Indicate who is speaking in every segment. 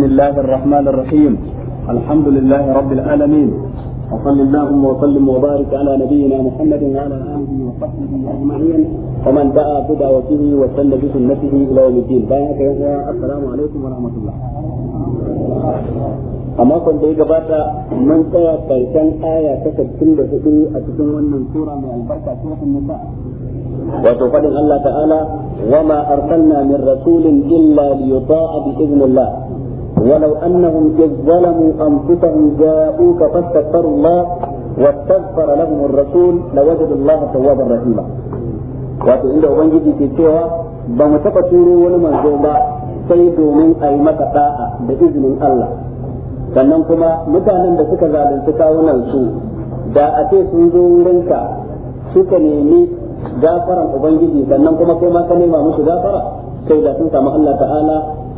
Speaker 1: بسم الله الرحمن الرحيم الحمد لله رب العالمين وصل اللهم وسلم وبارك على نبينا محمد وعلى اله وصحبه اجمعين ومن دعا بدعوته وسلم بسنته الى يوم الدين بارك السلام عليكم ورحمه الله اما makon da ya gabata mun tsaya karshen aya ta 64 a cikin wannan sura mai albarka suratul nisa wato fadin Allah ta'ala wa ma arsalna min rasulin illa bi idnillah ولو أنهم إذ ظلموا أنفسهم جاءوك فاستغفروا الله واستغفر لهم الرسول لوجدوا الله توابا رحيما wato inda ubangiji ke cewa ba mu taɓa turo wani manzo ba sai domin a yi maka da'a da izinin Allah sannan kuma mutanen da suka zalunci kawunan su da a ce sun zo wurinka suka nemi gafaran ubangiji sannan kuma kai ma ka nema musu gafara sai da sun samu Allah ta'ala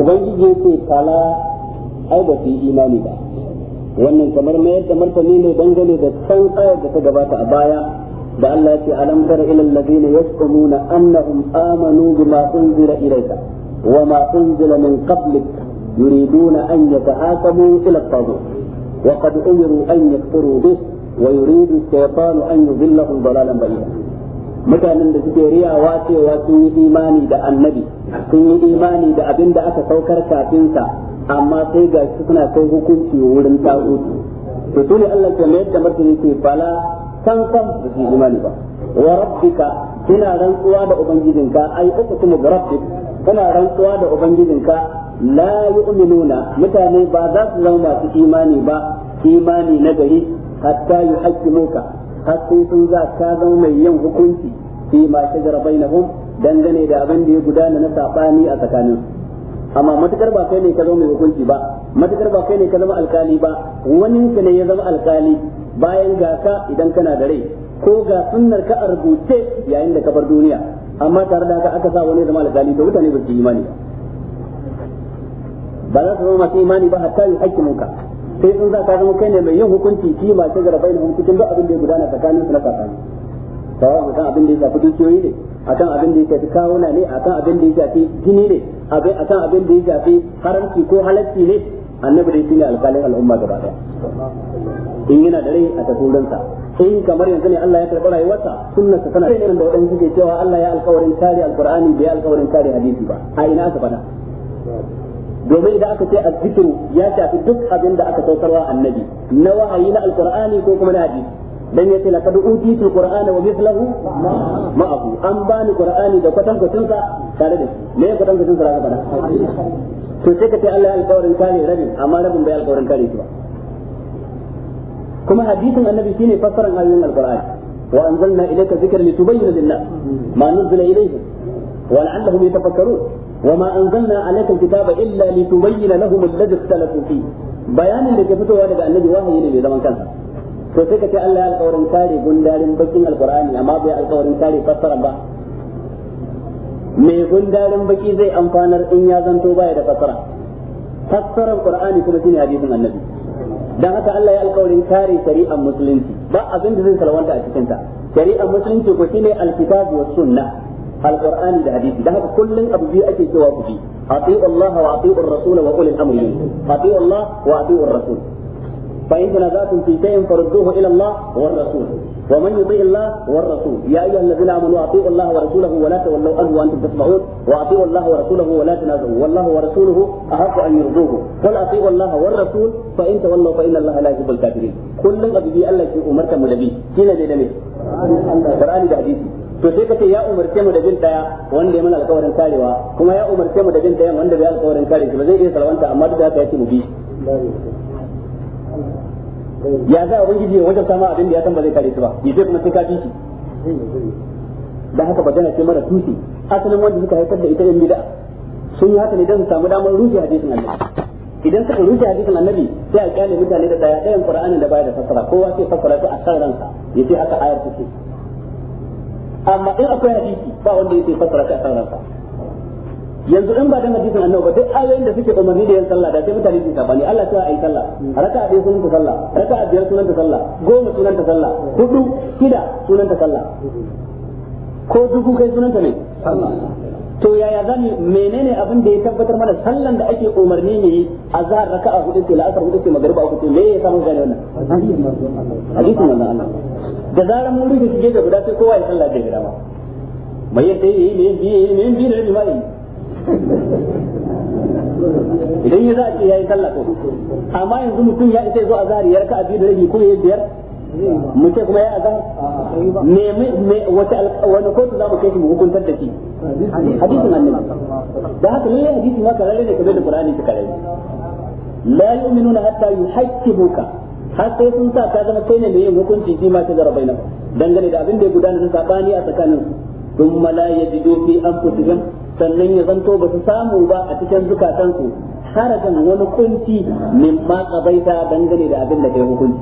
Speaker 1: Ubangiji ya ce kala ai ba su yi imani ba wannan kamar mayar da martani ne dangane da kan ayar da ta gabata a baya da Allah ya ce alam tara ila alladhina yasqumuna annahum amanu bima unzila ilayka wa ma unzila min qablik yuriduna an yatahakamu ila at-taghut wa qad umiru an yakfuru bihi wa yuridu shaytanu an yudhillahum dalalan mutanen da suke riyawa cewa sun yi imani da annabi sun yi imani da abin da aka saukar kafin sa amma sai ga suna kai hukunci wurin ta'udu to sune Allah ke mayar da martani ce bala san san da su imani ba wa rabbika kina rantsuwa da ubangijinka ai uku kuma rabbik kana rantsuwa da ubangijinka la yu'minuna mutane ba za su zama masu imani ba imani na gari hatta yuhaqqimuka har sai sun za ka zama mai yin hukunci fi ma shajara bainahum dangane da abin da ya gudana na sabani a tsakanin amma matukar ba kai ne ka zama mai hukunci ba matukar ba kai ne ka zama alkali ba wani ka ne ya zama alkali bayan gaka idan kana da rai ko ga sunnar ka a yayin da ka bar duniya amma tare da haka aka sa wani zama alkali to mutane ba su imani ba za su zama masu imani ba hatta yi sai sun za ka zama kai ne mai yin hukunci kima ta gara hukunci hukuncin duk abin da ya gudana tsakanin su na tsakani tawa akan abin da ya shafi dukiyoyi ne akan abin da ya shafi kawuna ne akan abin da ya shafi gini ne akan abin da ya shafi haramci ko halarci ne annabi dai shine alƙalin al'umma gaba ɗaya in yana da rai a tasurinsa in kamar yanzu ne Allah ya karɓi rayuwarsa sunnarsa tana irin da waɗanda suke cewa Allah ya alƙawarin kare alƙur'ani bai alƙawarin kare hadisi ba a ina aka faɗa domin idan aka ce azzikiru ya shafi duk abin da aka saukarwa annabi na wahayi na alqur'ani ko kuma na hadisi dan yace laqad utitu alqur'ana wa mithluhu ma'ahu an bani qur'ani da kwatan kwatan sa tare da shi me kwatan kwatan sa ka bada to sai ka ce Allah alƙawarin kare rabin amma rabin bai alƙawarin kare shi ba kuma hadisin annabi shine fassaran ayoyin alqur'ani wa anzalna ilayka dhikra litubayyana lin-nas ma nuzila ilayhim wa la'allahum yatafakkarun وما أنزلنا عليك الكتاب إلا لتبين لهم الذي اختلفوا فيه bayanin da ke fitowa daga annabi wahayi ne mai zaman kansa to sai ka ce Allah ya alƙawarin kare gundarin bakin alƙur'ani amma bai alƙawarin kare fassara ba mai gundarin baki zai amfanar in ya zanto baya da fassara fassarar qur'ani kuma shine hadisin annabi dan haka Allah ya alƙawarin kare shari'ar musulunci ba abin da zai salwanta a cikin ta shari'ar musulunci ko shine alkitabu was sunnah alqur'ani da hadisi da haka kullun abu biyu ake cewa ku bi ati'u Allah wa ati'u ar-rasul wa ulil amri ati'u Allah wa ati'u ar-rasul fa in tanazatum fi shay'in farudduhu ila Allah wa ar-rasul ومن يطيع الله والرسول يا ايها الذين امنوا اطيعوا الله ورسوله ولا تولوا عنه وانتم تسمعون واطيعوا الله ورسوله ولا تنازعوا والله ورسوله احق ان يرضوه قل اطيعوا الله والرسول فان تولوا فان الله لا يحب الكافرين كل ابي الله في امرك مدبي كنا دي القران ده حديثي to sai kace ya umarce mu da jin daya wanda ya mana alƙawarin karewa kuma ya umarce mu da jin daya wanda bai alƙawarin kare shi ba zai iya salwanta amma duk da haka yace mu bi ya za ubangiji ya wajen sama abin da ya san ba zai kare shi ba ya zai kuma sai ka bi shi dan haka ba gana ce mara tushe asalin wanda suka haifar da ita yan bid'a sun yi haka ne dan su samu damar rushe hadisin Allah idan suka rufe hadisin annabi sai a kyale mutane da daya ɗayan qur'anin da baya da fassara kowa sai fassara ta a san ransa yace haka ayar take amma in akwai hadisi ba wanda yake fassara shi a kan ransa yanzu in ba dan hadisin annabi ba duk ayoyin da suke umarni da yin sallah da sai mutane su bani Allah ta ayi sallah raka'a ɗaya sunan ta sallah raka'a biyar sunan ta sallah goma sunan ta sallah hudu shida sunan ta sallah ko dubu kai sunan ta ne to yaya zan menene abin da ya tabbatar mana sallan da ake umarni ne a zahar raka'a hudu ce la'asar hudu ce magariba ko ce me ya samu gane wannan hadisin manzon Allah da zaran mun rufe suke da guda sai kowa ya sallah da gida ma mai yadda sai yi ne biye yayi ne biye da limani idan ya za a ce yi sallah ko amma yanzu mutum ya isa zuwa a ya raka a biyu da rabi ko ya biyar mu ce kuma ya azan nemi me wata wani kotu za mu kai shi mu hukuntar da shi hadisin annabi da haka lalle hadisin ma karare ne kamar da qur'ani ta karare la yu'minuna hatta yuhaqqibuka har sai sun sa ta zama kai ne mai yin hukunci fi ma shajara bainahum dangane da abin da ya gudana sun sabani a tsakanin sun mala ya ji يجدوا an أنفسهم sannan ya zanto ba su samu ba a cikin zukatansu harajan wani kunci min ma kabaita dangane da abin da kai hukunci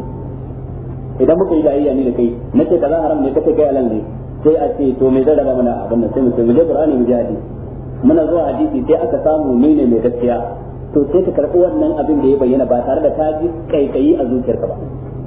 Speaker 1: idan muka yi jayayya ni da kai na nace kaza haram ne kace kai halal ne sai a ce to me zai raba mana abin nan sai mu ce mu je Qur'ani mu ji hadisi muna zuwa hadisi sai aka samu ni ne mai gaskiya to sai ka karɓi wannan abin da ya bayyana ba tare da ta ji kaikayi a zuciyarka ba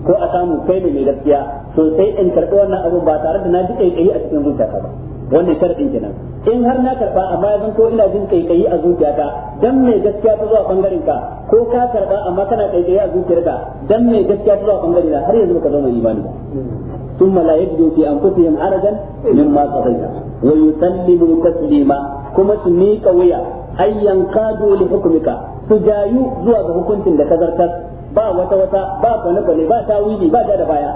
Speaker 1: ko a samu kai ne mai gaskiya to sai in karɓi wannan abin ba tare da na ji kaikayi a cikin zuciyarka ba wannan sharadin kenan in har na karɓa amma ya zanto ina jin kaikayi a zuciyarka dan mai gaskiya ta zuwa bangaren ka ko ka karɓa amma kana kaikayi a zuciyarka dan mai gaskiya ta zuwa bangaren har yanzu ka zama imani ثم لا يجدوا في انفسهم عرجا مما قضيت ويسلموا تسليما كما تميك ويا ayyan kadu li hukumika su jayu zuwa ga hukuncin da ka zartar ba wata wata ba kwane kwane ba tawili ba da baya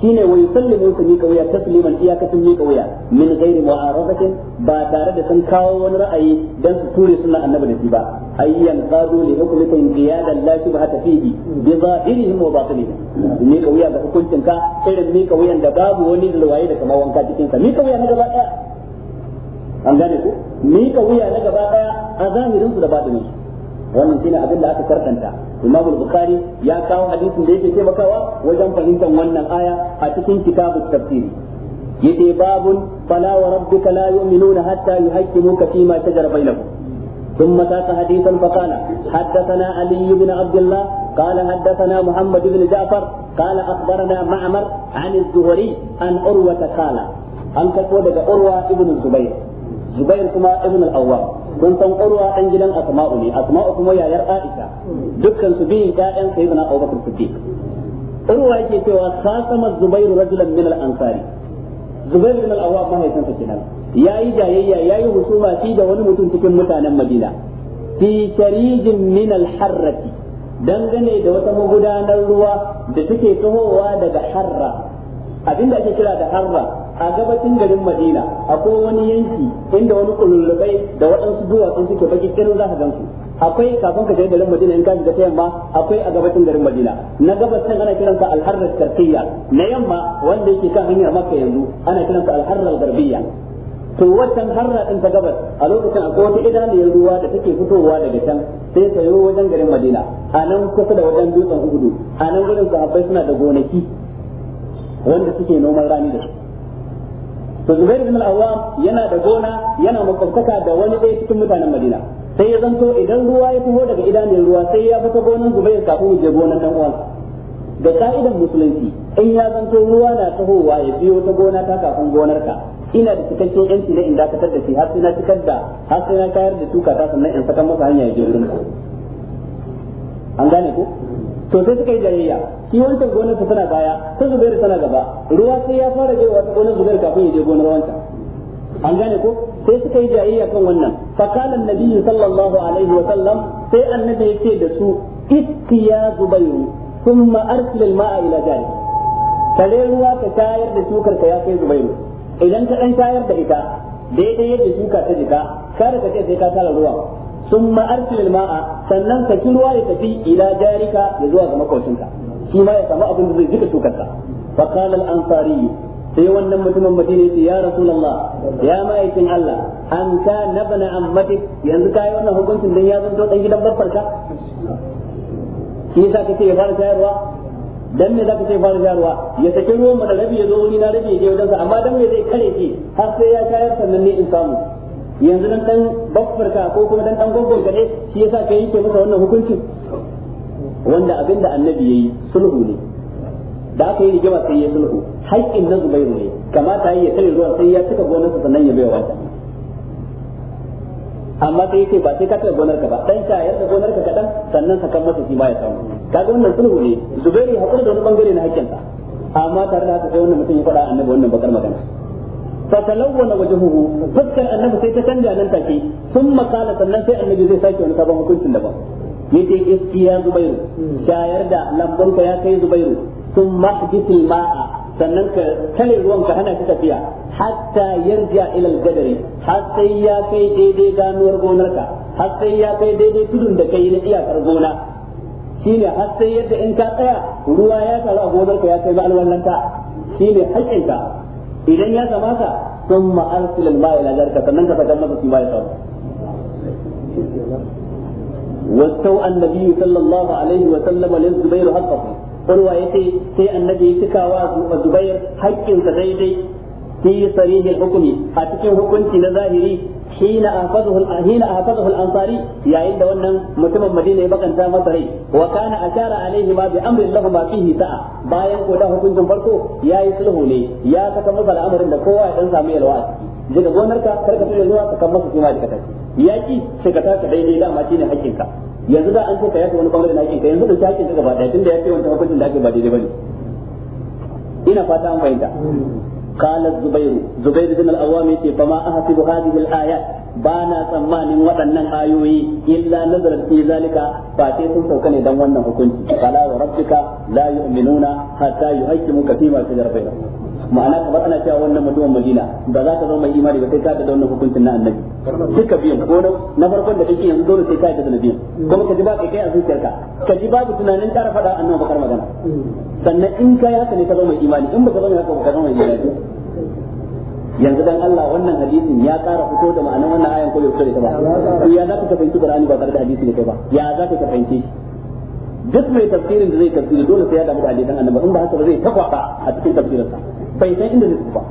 Speaker 1: shine wai sallimu su mika wuya tasliman iyakatun mika wuya min ghairi mu'aradatin ba tare da sun kawo wani ra'ayi dan su ture suna annabi da shi ba ayyan kadu li hukmikum qiyadan la ta fihi bi zahirihim wa batinihim mika wuya ga hukuncin ka irin mika wuyan da babu wani da waye da kamar wanka cikin sa mika wuya ne gaba daya an gane ku ka wuya na gaba daya a zahirin su da batinin su wannan shine abin da aka karkanta Imam Bukhari ya kawo hadisin da yake taimakawa wajen fahimtar wannan aya a cikin kitabut tafsiri yace babun fala wa rabbika la yu'minuna hatta yuhaqqimuka fima shajara bainahum ثم ساق حديثا فقال حدثنا علي بن عبد الله قال حدثنا محمد بن جعفر قال اخبرنا معمر عن الزهري عن عروه قال an karɓo daga urwa ibnu zubair Zubairu kuma ibn al-awwam kun san urwa dan gidan asma'u ne asma'u kuma yayar aisha dukkan su biyu ƴaƴan sayyidina abubakar siddiq urwa yake cewa khasama zubairu rajulan min al-ansari zubair ibn al-awwam mahaifinsa kenan yayi jayayya yayi husuma fi da wani mutum cikin mutanen madina fi sharijin min al-harrati dangane da wata magudanar ruwa da take tahowa daga harra abinda ake kira da harra a gabacin garin madina akwai wani yanki inda wani kululubai da waɗansu duwatsu suke baki kenan za ka gansu akwai kafin ka je garin madina in ka shiga ta yamma akwai a gabacin garin madina na gabas gabacin ana kiran ka alharrar tarkiyya na yamma wanda yake kan hanyar maka yanzu ana kiransa alharrar garbiya. to wancan harra din ta gabas a lokacin akwai wata idaniyar ruwa da take fitowa daga can sai ta yi wajen garin Madina a nan kusa da wajen dutsen ugudu a nan gudun sahabbai suna da gonaki wanda suke noman rani da su to Zubair bin al-Awwam yana da gona yana makwabtaka da wani ɗaya cikin mutanen Madina sai ya zanto idan ruwa ya fito daga idanun ruwa sai ya fita gonan Zubair kafin mu je gonan dan uwan da ka'idan musulunci in ya zanto ruwa na tahowa ya biyo ta gona ta kafin gonarka ina da cikakken yanci na in dakatar da shi har sai na cikar da har sai na kayar da tuka ta sannan in saka masa hanya ya je an gane ko to sai suka yi jayayya shi wancan gonar tana baya ta zubairu tana gaba ruwa sai ya fara je ta gonar zubairu kafin ya je gonar wancan an gane ko sai suka yi jayayya kan wannan fa kana annabi sallallahu alaihi wa sallam sai annabi ya ce da su ittiya zubairu thumma arsil al-ma'a ila jari kare ruwa ka tayar da shukar ka ya kai zubairu idan ka dan tayar da ita daidai yadda shuka ta jika kada ka ce sai ka tara ruwa sun ma'arsil ma'a sannan ka ruwa ya tafi ila jarika ya zuwa ga makocinka shi ma ya samu abin da zai jika shukarsa fa qala al ansari sai wannan mutumin madina yace ya rasulullah ya ma'aikin Allah an ka nabna ammati yanzu kai wannan hukuncin dan ya zanto dan gidan babbarka shi yasa kace ya fara tayarwa dan me zaka ce fara jarwa ya saki ruwan mu da rabi ya zo wuri na rabi ya je wajen amma dan me zai kare shi har sai ya tayar sannan ne in samu yanzu nan dan bakfarka ko kuma dan dan gogon gare shi yasa kai yake masa wannan hukuncin wanda abinda annabi yayi sulhu ne da aka yi rigima sai ya sulhu haƙƙin na zubairu ne kamata ya tare ruwan sai ya cika gonarsa sannan ya baiwa wata amma sai yake ba sai ka gonar gonarka ba dan ka yarda gonarka kadan sannan ka kan masa shi ba ya samu kaga wannan sulhu ne zubairu hakuri da wani bangare na haƙƙinsa amma tare da haka sai wannan mutum ya faɗa annabi wannan bakar magana fatalawwana wajhuhu fuskar annabi sai ta canja nan take sun qala sannan sai annabi zai sake wani sabon hukuncin daban yace iskiya zubairu shayar da lambun ya kai zubairu thumma hadisul ma'a sannan ka kare ruwan ka hana shi tafiya hatta yarja ila al-gadari har ya kai daidai ganuwar gonarka har ya kai daidai tudun da kai na iyakar gona shine har yadda in ka tsaya ruwa ya taru a gonarka ya kai ma'alwallanta shine haƙƙinka idan ya zama sun ma'ar filin ba sai annabi ya tuka wa zubair haƙƙinsa daidai fi sarihil hukmi a cikin hukunci na zahiri hina afazahu hina afazahu al-ansari yayin da wannan mutumin Madina ya bakanta masa rai wa kana ashara alaihi ma bi amrin lahu ma fihi sa'a bayan ko da hukuncin farko yayi sulhu ne ya saka masa al'amarin da kowa ya dan samu yalwa a ciki daga gonarka kar ka tura zuwa ka kan masa kima da ka ya yaki sai ka taka daidai dama shine hakkinka yanzu da an ce ka yaka wani bangare na ka yanzu da hakkin ka gaba da tunda ya ce wancan hukuncin da ake ba daidai bane ina fata an fahimta قال الزبير زبير بن الأوام فما أحسب هذه الآيات بانا tsammanin waɗannan ayoyi illa nazarar zalika fa sun sauka ne dan wannan hukunci fala wa rabbika la yu'minuna ma'ana kamar ana cewa wannan mutumin Madina ba za ka zo mai imani ba sai ka da wannan hukuncin na annabi duka biyan ko na farkon da kake yanzu dole sai ka da nabi kuma ka ji ba kai a zuciyarka ka ji babu tunanin ƙara faɗa annabi bakar magana sannan in ka yaka ne ka zama mai imani in ba ka zo ne ka zo mai imani yanzu dan Allah wannan hadisin ya ƙara fito da ma'anar wannan ayan koyo bai da ba to ya za ka fahimci Qur'ani ba tare da hadisi ne kai ba ya za ka fahimci duk mai tafsirin da zai tafsiri dole sai ya damu da hadisan annabi in ba haka ba zai takwaka a cikin tafsirinsa bai san inda zai ba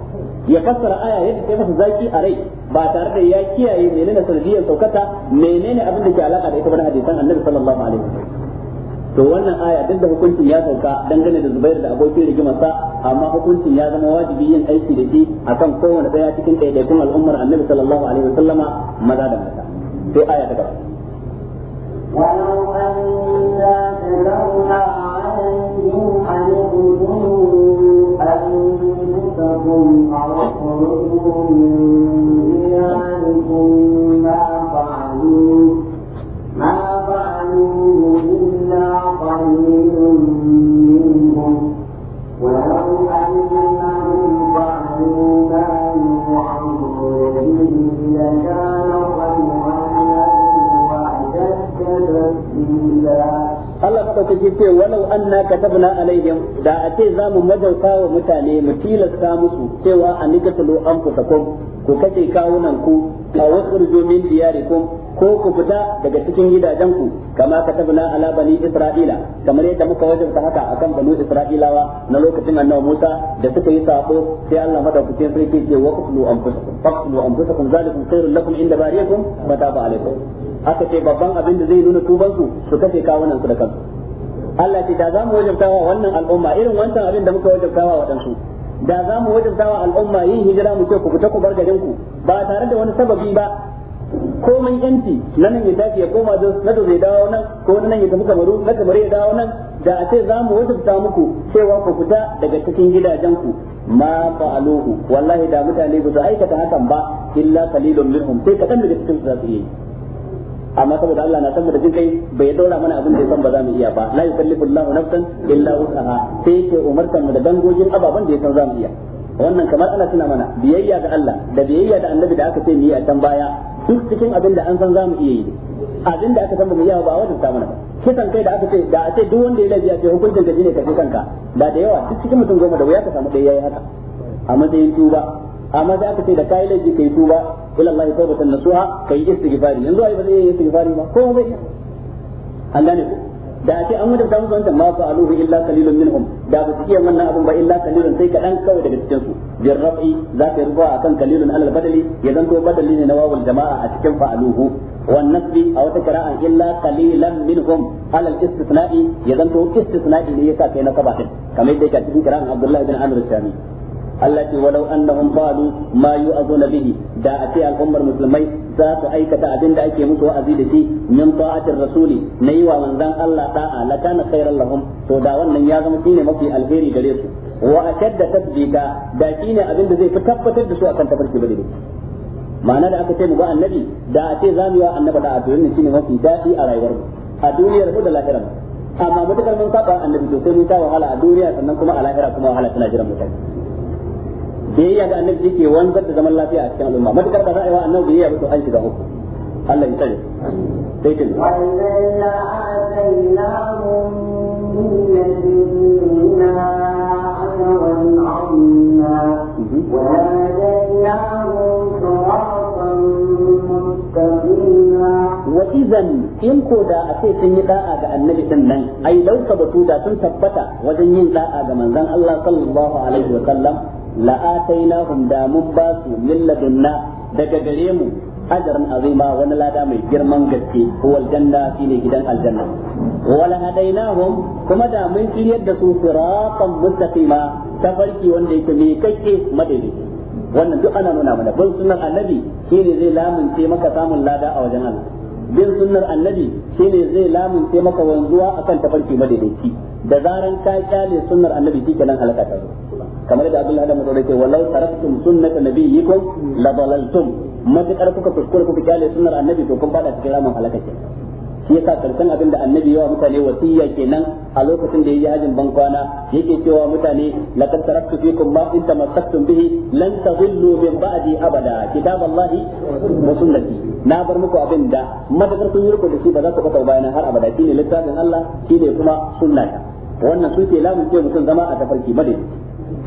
Speaker 1: ya fassara aya yadda ta masa zaki a rai ba tare da ya kiyaye menene sanadiyar saukata menene abin da ke alaka da ita bana hadisan annabi sallallahu alaihi wasallam to wannan aya duk da hukuncin ya sauka dangane da Zubair da abokin sa amma hukuncin ya zama wajibi yin aiki da shi akan kowane daya cikin ɗaiɗaikun al'ummar annabi sallallahu alaihi wasallama maza da mata sai aya ta gaba
Speaker 2: ولو أنا كتبنا عليهم أن أنفسكم أو اخرجوا من دياركم ما فعلوه ما فعلوه إلا قليلا
Speaker 1: madaukaki ce walau anna katabna alaihim da a ce zamu majauta wa mutane mu tilasta musu cewa an nikatalu anfusakum ku kace kawunan ku a wakhruju min diyarikum ko ku fita daga cikin gidajen ku kama katabna ala bani isra'ila kamar yadda muka wajabta haka akan bani isra'ilawa na lokacin annabi Musa da suka yi sako sai Allah madaukakin sarki ce wa zalikum lakum inda bariyakum alaikum ce babban abin da zai nuna tubansu su su kace kawunan su da kansu Allah ce da za mu wajabtawa wannan al'umma irin wancan abin da muka wajabtawa waɗansu da za mu wajabtawa al'umma yin hijira mu ce ku fita ku bar garin ku ba tare da wani sababi ba komai yanci na nan ya tafi ya koma na da zai dawo nan ko na nan ya tafi kamaru na kamaru ya dawo nan da a ce za mu wajabta muku cewa ku fita daga cikin gidajen ku ma fa'aluhu wallahi da mutane ba su aikata hakan ba illa kalilun minhum sai kadan daga cikin su za su yi amma saboda Allah na saboda jin kai bai daura mana abin da ya san ba za mu iya ba la yukallifu Allahu nafsan illa wus'aha sai yake umartan mu da dangogin ababan da ya san za mu iya wannan kamar ana tuna mana biyayya ga Allah da biyayya da Annabi da aka ce mu yi a can baya duk cikin abin da an san za mu iya yi abin da aka san ba mu iya ba a wajen ta mana kisan kai da aka ce da a ce duk wanda ya laifi a ce hukuncin da ne ka fi kanka da da yawa duk cikin mutum goma da wuya ka samu ɗaya yayi haka a matsayin tuba amma da aka ce da kai laifi kai tuba ila Allah tawbatan nasuha kai istighfari yanzu ai ba zai yi istighfari ba ko bai an gane ku da ake an mutunta musu wancan ma fa aluhu illa qalilun minhum da ba su iya wannan abun ba illa qalilun sai kadan kawai daga cikin su jar rafi za ka rufa akan qalilun alal badali ya zanto badali ne na wawul jama'a a cikin fa aluhu wan nasbi a wata qira'a illa qalilan minhum alal istithna'i ya zanto istithna'i ne yasa kai na sabatin kamar yadda yake cikin qira'an Abdullah ibn Amr al-Shami Allah ce walau annahum qalu ma yu'azuna da a ce al'ummar musulmai za su aikata abinda ake musu wa'azi da shi min ta'atir rasuli na yi wa manzon Allah da'a la kana khairan lahum to da wannan ya zama shine mafi alheri gare su wa ashadda tasbita da shine abin da zai fi tabbatar da su akan tafarki bane ma'ana da aka ce mu ba annabi da a za mu yi wa annaba da'a to wannan shine mafi daɗi a rayuwar mu a duniyar amma annabi sai ta wahala a duniya sannan kuma a lahira kuma wahala tana jiran mutane biyayya ga annabi yake wanzar da zaman lafiya a cikin al'umma matukar ba za a yi wa annabi biyayya ba to an shiga uku Allah ya tsare sai kin mhm. wa idan in ko da a ce sun yi da'a ga annabi din nan ai lauka batu da sun tabbata wajen yin da'a ga manzon Allah sallallahu alaihi wa sallam la'atainahum da mun ba su min daga gare mu ajran azima wani lada mai girman gaske huwal janna shine gidan aljanna wala hadainahum kuma da mun shiryar da su siratan mustaqima tafarki wanda yake mai kakke madaidaici wannan duk ana nuna mana bin sunnar annabi shine zai lamunce maka samun lada a wajen Allah bin sunnar annabi shine zai lamunce maka wanzuwa akan tafarki madaidaici da zaran ka kyale sunnar annabi shikenan halaka ta zo kamar da abin da Mubarak ce walau taraktum sunnata nabiyyikum la dalaltum matakar kuka kuskure kuka kyale sunnar annabi to kun bada cikin ramin halaka ke shi yasa karshen abin da annabi yawa mutane wasiya kenan a lokacin da yayi hajin bankwana yake cewa mutane la taraktu fikum ma in tamassaktum bihi lan tadhillu min ba'di abada kitaballahi wa sunnati na bar muku abin da matakar kun yi da shi ba za ku fata bayanan har abada shine littafin Allah shine kuma sunnata wannan su ke lamun ce mutum zama a tafarki madadi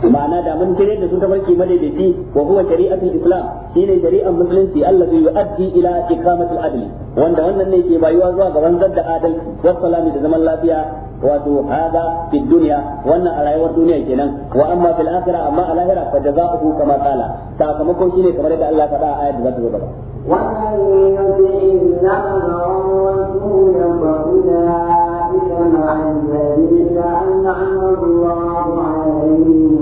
Speaker 1: ma'ana da mun kire da su ta barki madaidaici wa huwa shari'atul islam shine shari'ar musulunci allazi yu'addi ila iqamatil adli wanda wannan ne ke bayuwa zuwa ga wanzar da adalci wa salami da zaman lafiya wato hada fi dunya wannan a rayuwar duniya kenan wa amma fil akhirah amma a lahira fa jazaohu kama qala sakamakon shine kamar yadda Allah faɗa a ayat da za ta zo gaba
Speaker 2: ومن يطع الله ورسوله فأولئك مع الذين أنعم الله عليهم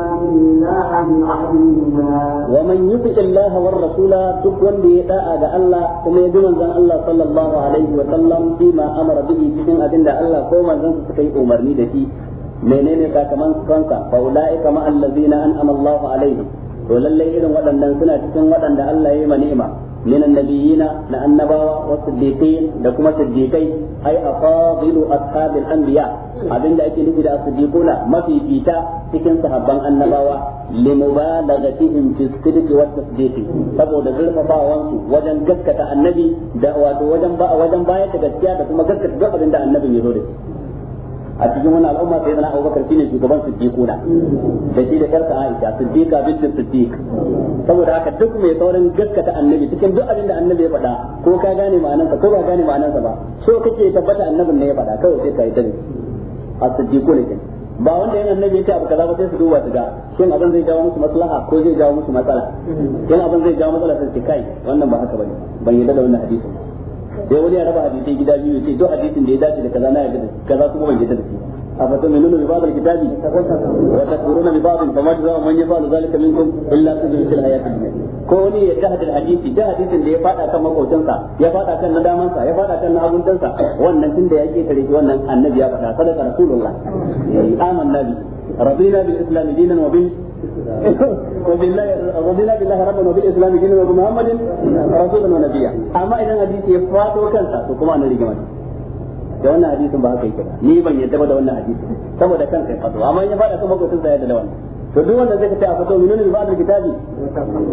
Speaker 2: الله عليما
Speaker 1: ومن يطع الله والرسول تكون بيداء الله كما يدعو من الله صلى الله عليه وسلم فيما امر به cikin abin da Allah ko manzon suka yi umarni da shi menene sakamakon kanka fa ulaika ma to lallai irin waɗannan suna cikin waɗanda Allah ya yi ni'ima min annabiyina na annabawa wa siddiqin da kuma siddiqai ai afadilu ashabil anbiya abinda ake nufi da siddiquna mafi fita cikin sahabban annabawa limubalagatihim fi sidq wa tasdiq saboda zurfafawan su wajen gaskata annabi da wato wajen ba wajen bayar da gaskiya da kuma gaskata duk abinda annabi ya zo da shi a cikin wannan al'umma sai zana bakar shine shugaban siddiquna da shi da yarsa aisha siddiqa bint siddiq saboda haka duk mai saurin gaskata annabi cikin duk abin da annabi ya faɗa ko ka gane sa ko ba gane sa ba so kake tabbata annabin ne ya faɗa kawai sai ka yi dare a siddiquna ne ba wanda yana annabi ce abu kaza ba sai su duba su ga shin abin zai jawo musu maslaha ko zai jawo musu matsala shin abin zai jawo matsala sai kai wannan ba haka bane ban yarda da wannan hadisi sai wani ya raba hadisai gida biyu sai duk hadisin da ya dace da kaza na yarda da kaza kuma ban yarda da shi أفتؤمنون ببعض الكتاب وتكفرون ببعض فما جزاء من يفعل ذلك منكم إلا خزي في الحياة الدنيا كوني يجاهد الحديث جاهد اللي يفعل كما قوتنسا يفعل كان ندامنسا يفعل كان أبن تنسا وأن تند يجي تريد وأن النبي يفعل صدق رسول الله آمن النبي رضينا بالإسلام دينا وبال وبالله رضينا بالله ربا وبالإسلام دينا وبمحمد رسولا ونبيا أما إذا الحديث يفعل كنسا وكما أنا لجمالي da wannan hadisin ba haka yake ba ni ban yadda ba da wannan hadisin saboda kan kai fado amma in ya fada kuma gutun zai da wannan to duk wanda zai ka ta fato minun bi ba'd kitabi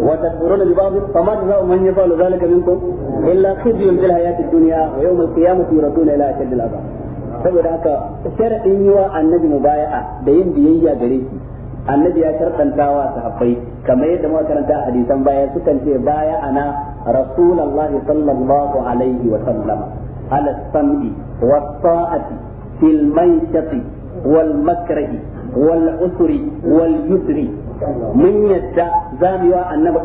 Speaker 1: wa taduruna bi ba'd fa ma jazaa'u man yafalu zalika minkum illa khizyun fil hayati dunya wa yawm al-qiyamati yuraduna ila ashaddi al-'adab saboda haka sharadin yi wa annabi mubaya'a da yin biyayya gare shi annabi ya sharɗanta wa sahabbai kamar yadda muka karanta a hadisan baya sukan ce baya ana رسول الله صلى الله عليه وسلم على السمع والطاعة في المنشط والمكره والعسر واليسر mun yadda za mu yi wa annabi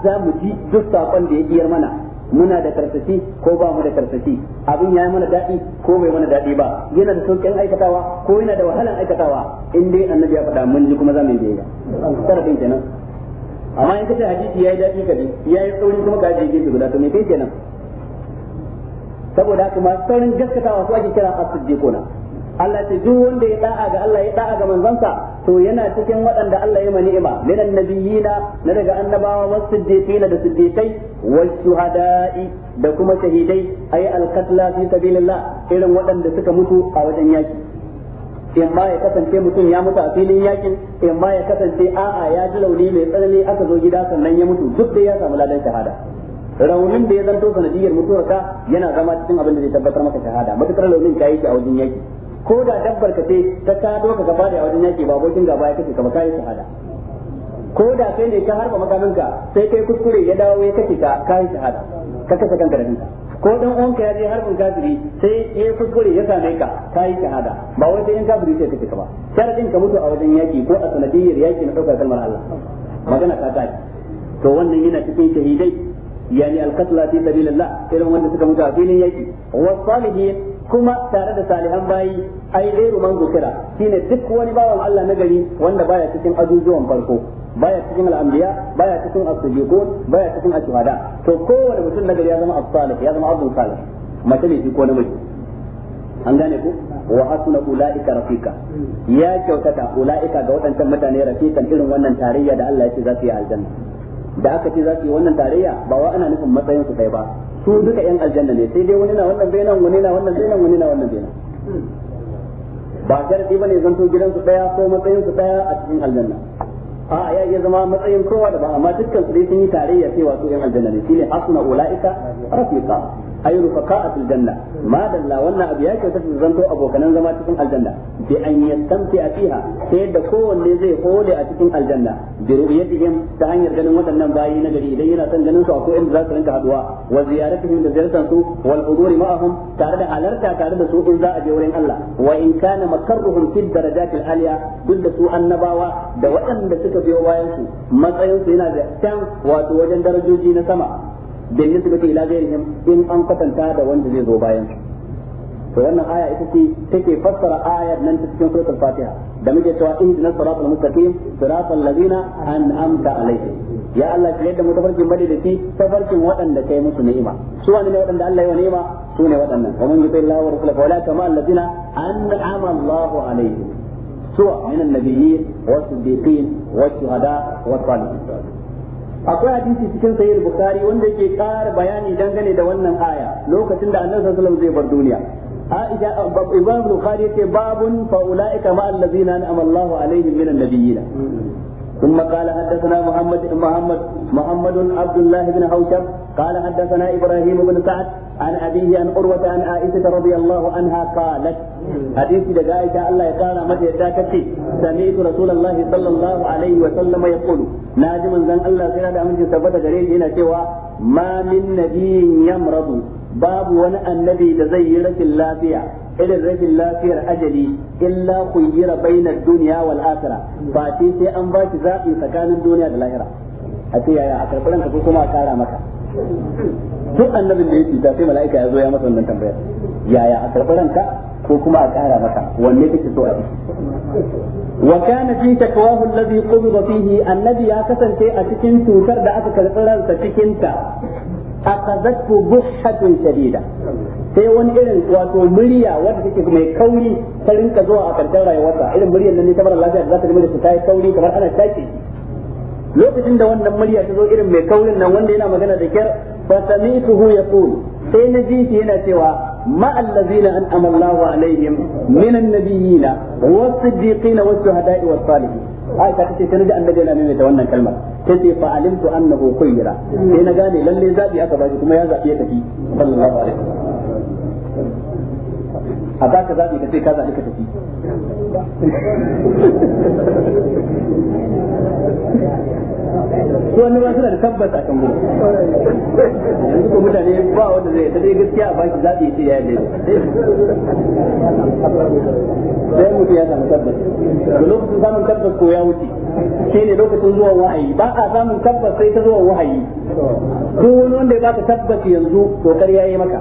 Speaker 1: za mu ji duk da ya biyar mana muna da karsashi ko ba mu da karsashi abin ya yi mana daɗi ko bai mana daɗi ba yana da sauƙin aikatawa ko yana da wahalan aikatawa in dai annabi ya faɗa mun ji kuma za mu yi biyayya kenan amma in kace hadisi yayi dafi ya yayi tsauri kuma ka je su guda to me kai kenan saboda haka masu saurin gaskatawa su ake kira as-siddiquna Allah ce duk wanda ya da'a ga Allah ya da'a ga manzansa to yana cikin waɗanda Allah ya ni'ima minan annabiyina na daga annabawa siddiqina da siddiqai wal shuhada'i da kuma shahidai ay al-qatla fi sabilillah irin waɗanda suka mutu a wajen yaki in ma ya kasance mutum ya mutu a filin yakin in ma ya kasance a'a ya ji rauni mai tsanani aka zo gida sannan ya mutu duk da ya samu ladan shahada raunin da ya zanto sanadiyar mutuwarka yana zama cikin abin da zai tabbatar maka shahada matukar raunin yi shi a wajen yaki ko da dabbar ka ce ta kado ka gaba da a wajen yaki ba abokin gaba ya kace ka ba yi shahada ko da kai ne ka harba makamin ka, sai kai kuskure ya dawo ya kace ka kai shahada ka kace kan garin ka ko dan uwanka ya je harbin kafiri sai ya kuskure ya same ka kai shahada ba wai sai in buri sai kace ka ba sharadin ka mutu a wajen yaki ko a sanadiyar yaki na dauka kalmar Allah magana ta kai to wannan yana cikin shahidai yani alqatla fi sabilillah irin wanda suka mutu a filin yaki salihin kuma tare da salihan bayi ai ghairu man zukira shine duk wani bawan Allah na gari wanda baya cikin azuzuwan farko baya cikin al'ambiya baya cikin as-siddiqun baya cikin ash-shuhada to kowane mutum na ya zama as-salih ya zama abdul salih mace ne shi ko namiji an gane ku wa asna ulaika rafika ya kyautata ulaika ga waɗancan mutane rafikan irin wannan tarayya da Allah ya ce za su yi aljanna da aka ce za su yi wannan tarayya ba wa ana nufin matsayin su kai ba su duka yan aljanna ne sai dai wani na wannan bainan wani na wannan bainan wani na wannan bainan ba sharadi bane zanto su daya ko matsayin su daya a cikin aljanna a ya iya zama matsayin kowa da ba amma dukkan su dai sun yi tarayya cewa su yan aljanna ne shine hasuna ulaika rafiqa ay rufaqa fil janna ma dalla wannan abu ya kyauta su zanto abokanan zama cikin aljanna bi an yastamti fiha sai da kowanne zai hole a cikin aljanna bi ru'yatihim ta hanyar ganin waɗannan bayi na gari idan yana son ganin su akwai inda za su rinka haduwa wa ziyaratihim da ziyartar su wal huduri ma'ahum tare da halarta tare da su in za a je wurin Allah wa in kana makarruhum fi darajatil aliya duk da su annabawa da waɗanda suka biyo bayan su matsayin su yana da can wato wajen darajoji na sama bin nisbati ila ghairihim in an kwatanta da wanda zai zo bayan to wannan aya ita ce take fassara ayar nan ta cikin suratul fatiha da muke cewa ihdinas siratal mustaqim siratal ladzina an'amta alaihim ya Allah ka yadda mu tafarkin madadaci tafarkin waɗanda kai musu ni'ima su wani ne waɗanda Allah ya ni'ima su ne waɗannan wa man yuti Allah wa rasulahu akwai hadisi cikin sahih bukhari wanda ke ƙara bayani dangane da wannan aya lokacin da annabi sallallahu alaihi wasallam zai bar duniya Aisha Imam Bukhari yace babun fa ulaika ma allazina an'ama Allahu alaihim minan nabiyina ثم قال حدثنا محمد محمد محمد عبد الله بن هوشم قال حدثنا ابراهيم بن سعد عن ابيه عن عروه عن عائشه رضي الله عنها قالت حديث دقائق الله يقال متى يتاكد سمعت رسول الله صلى الله عليه وسلم يقول ناجم زن الله سنة من ثبت جريج هنا سوى ما من نبي يمرض باب وانا النبي تزيرك اللافيه irin rashin lafiyar ajali illa khuyyira bainar duniya wal akhirah ba sai sai an ba shi zabi tsakanin duniya da lahira a ce yaya a ka ko kuma a maka duk annabin da ya cuta sai mala'ika ya zo ya masa wannan tambayar yaya a karɓi ranka ko kuma a ƙara maka wanne kake so a yi wa kana fi takwahu alladhi qubida fihi annabi ya kasance a cikin cutar da aka karɓi ransa cikin ta akhazathu buhhatun shadida sai wani irin wato murya wanda take mai kauri ta rinka zuwa a karshen rayuwarsa irin muryar nan ne ta mara lafiya da za ta rinka da ta yi kauri kamar ana take lokacin da wannan murya ta zo irin mai kaurin nan wanda yana magana da kyar fa sami'tuhu yaqul sai na ji shi yana cewa مع الذين أنعم الله عليهم من النبيين والصديقين والشهداء والصالحين ai ta kace sai naji annabi yana maimaita wannan kalmar sai fa alimtu annahu khaira sai na gane lalle zabi aka bashi kuma ya a ba ka zabi ka sai ka zabi ka tafi su wani ma suna da tabbas a kan gudu yanzu ko mutane ba wanda zai ta dai gaskiya a baki zaɓi ce ya sai mutu ya samu tabbas da lokacin samun tabbas ko ya wuce shi ne lokacin zuwa wahayi ba a samun tabbas sai ta zuwa wahayi ko wani wanda ya baka tabbas yanzu to ya yayi maka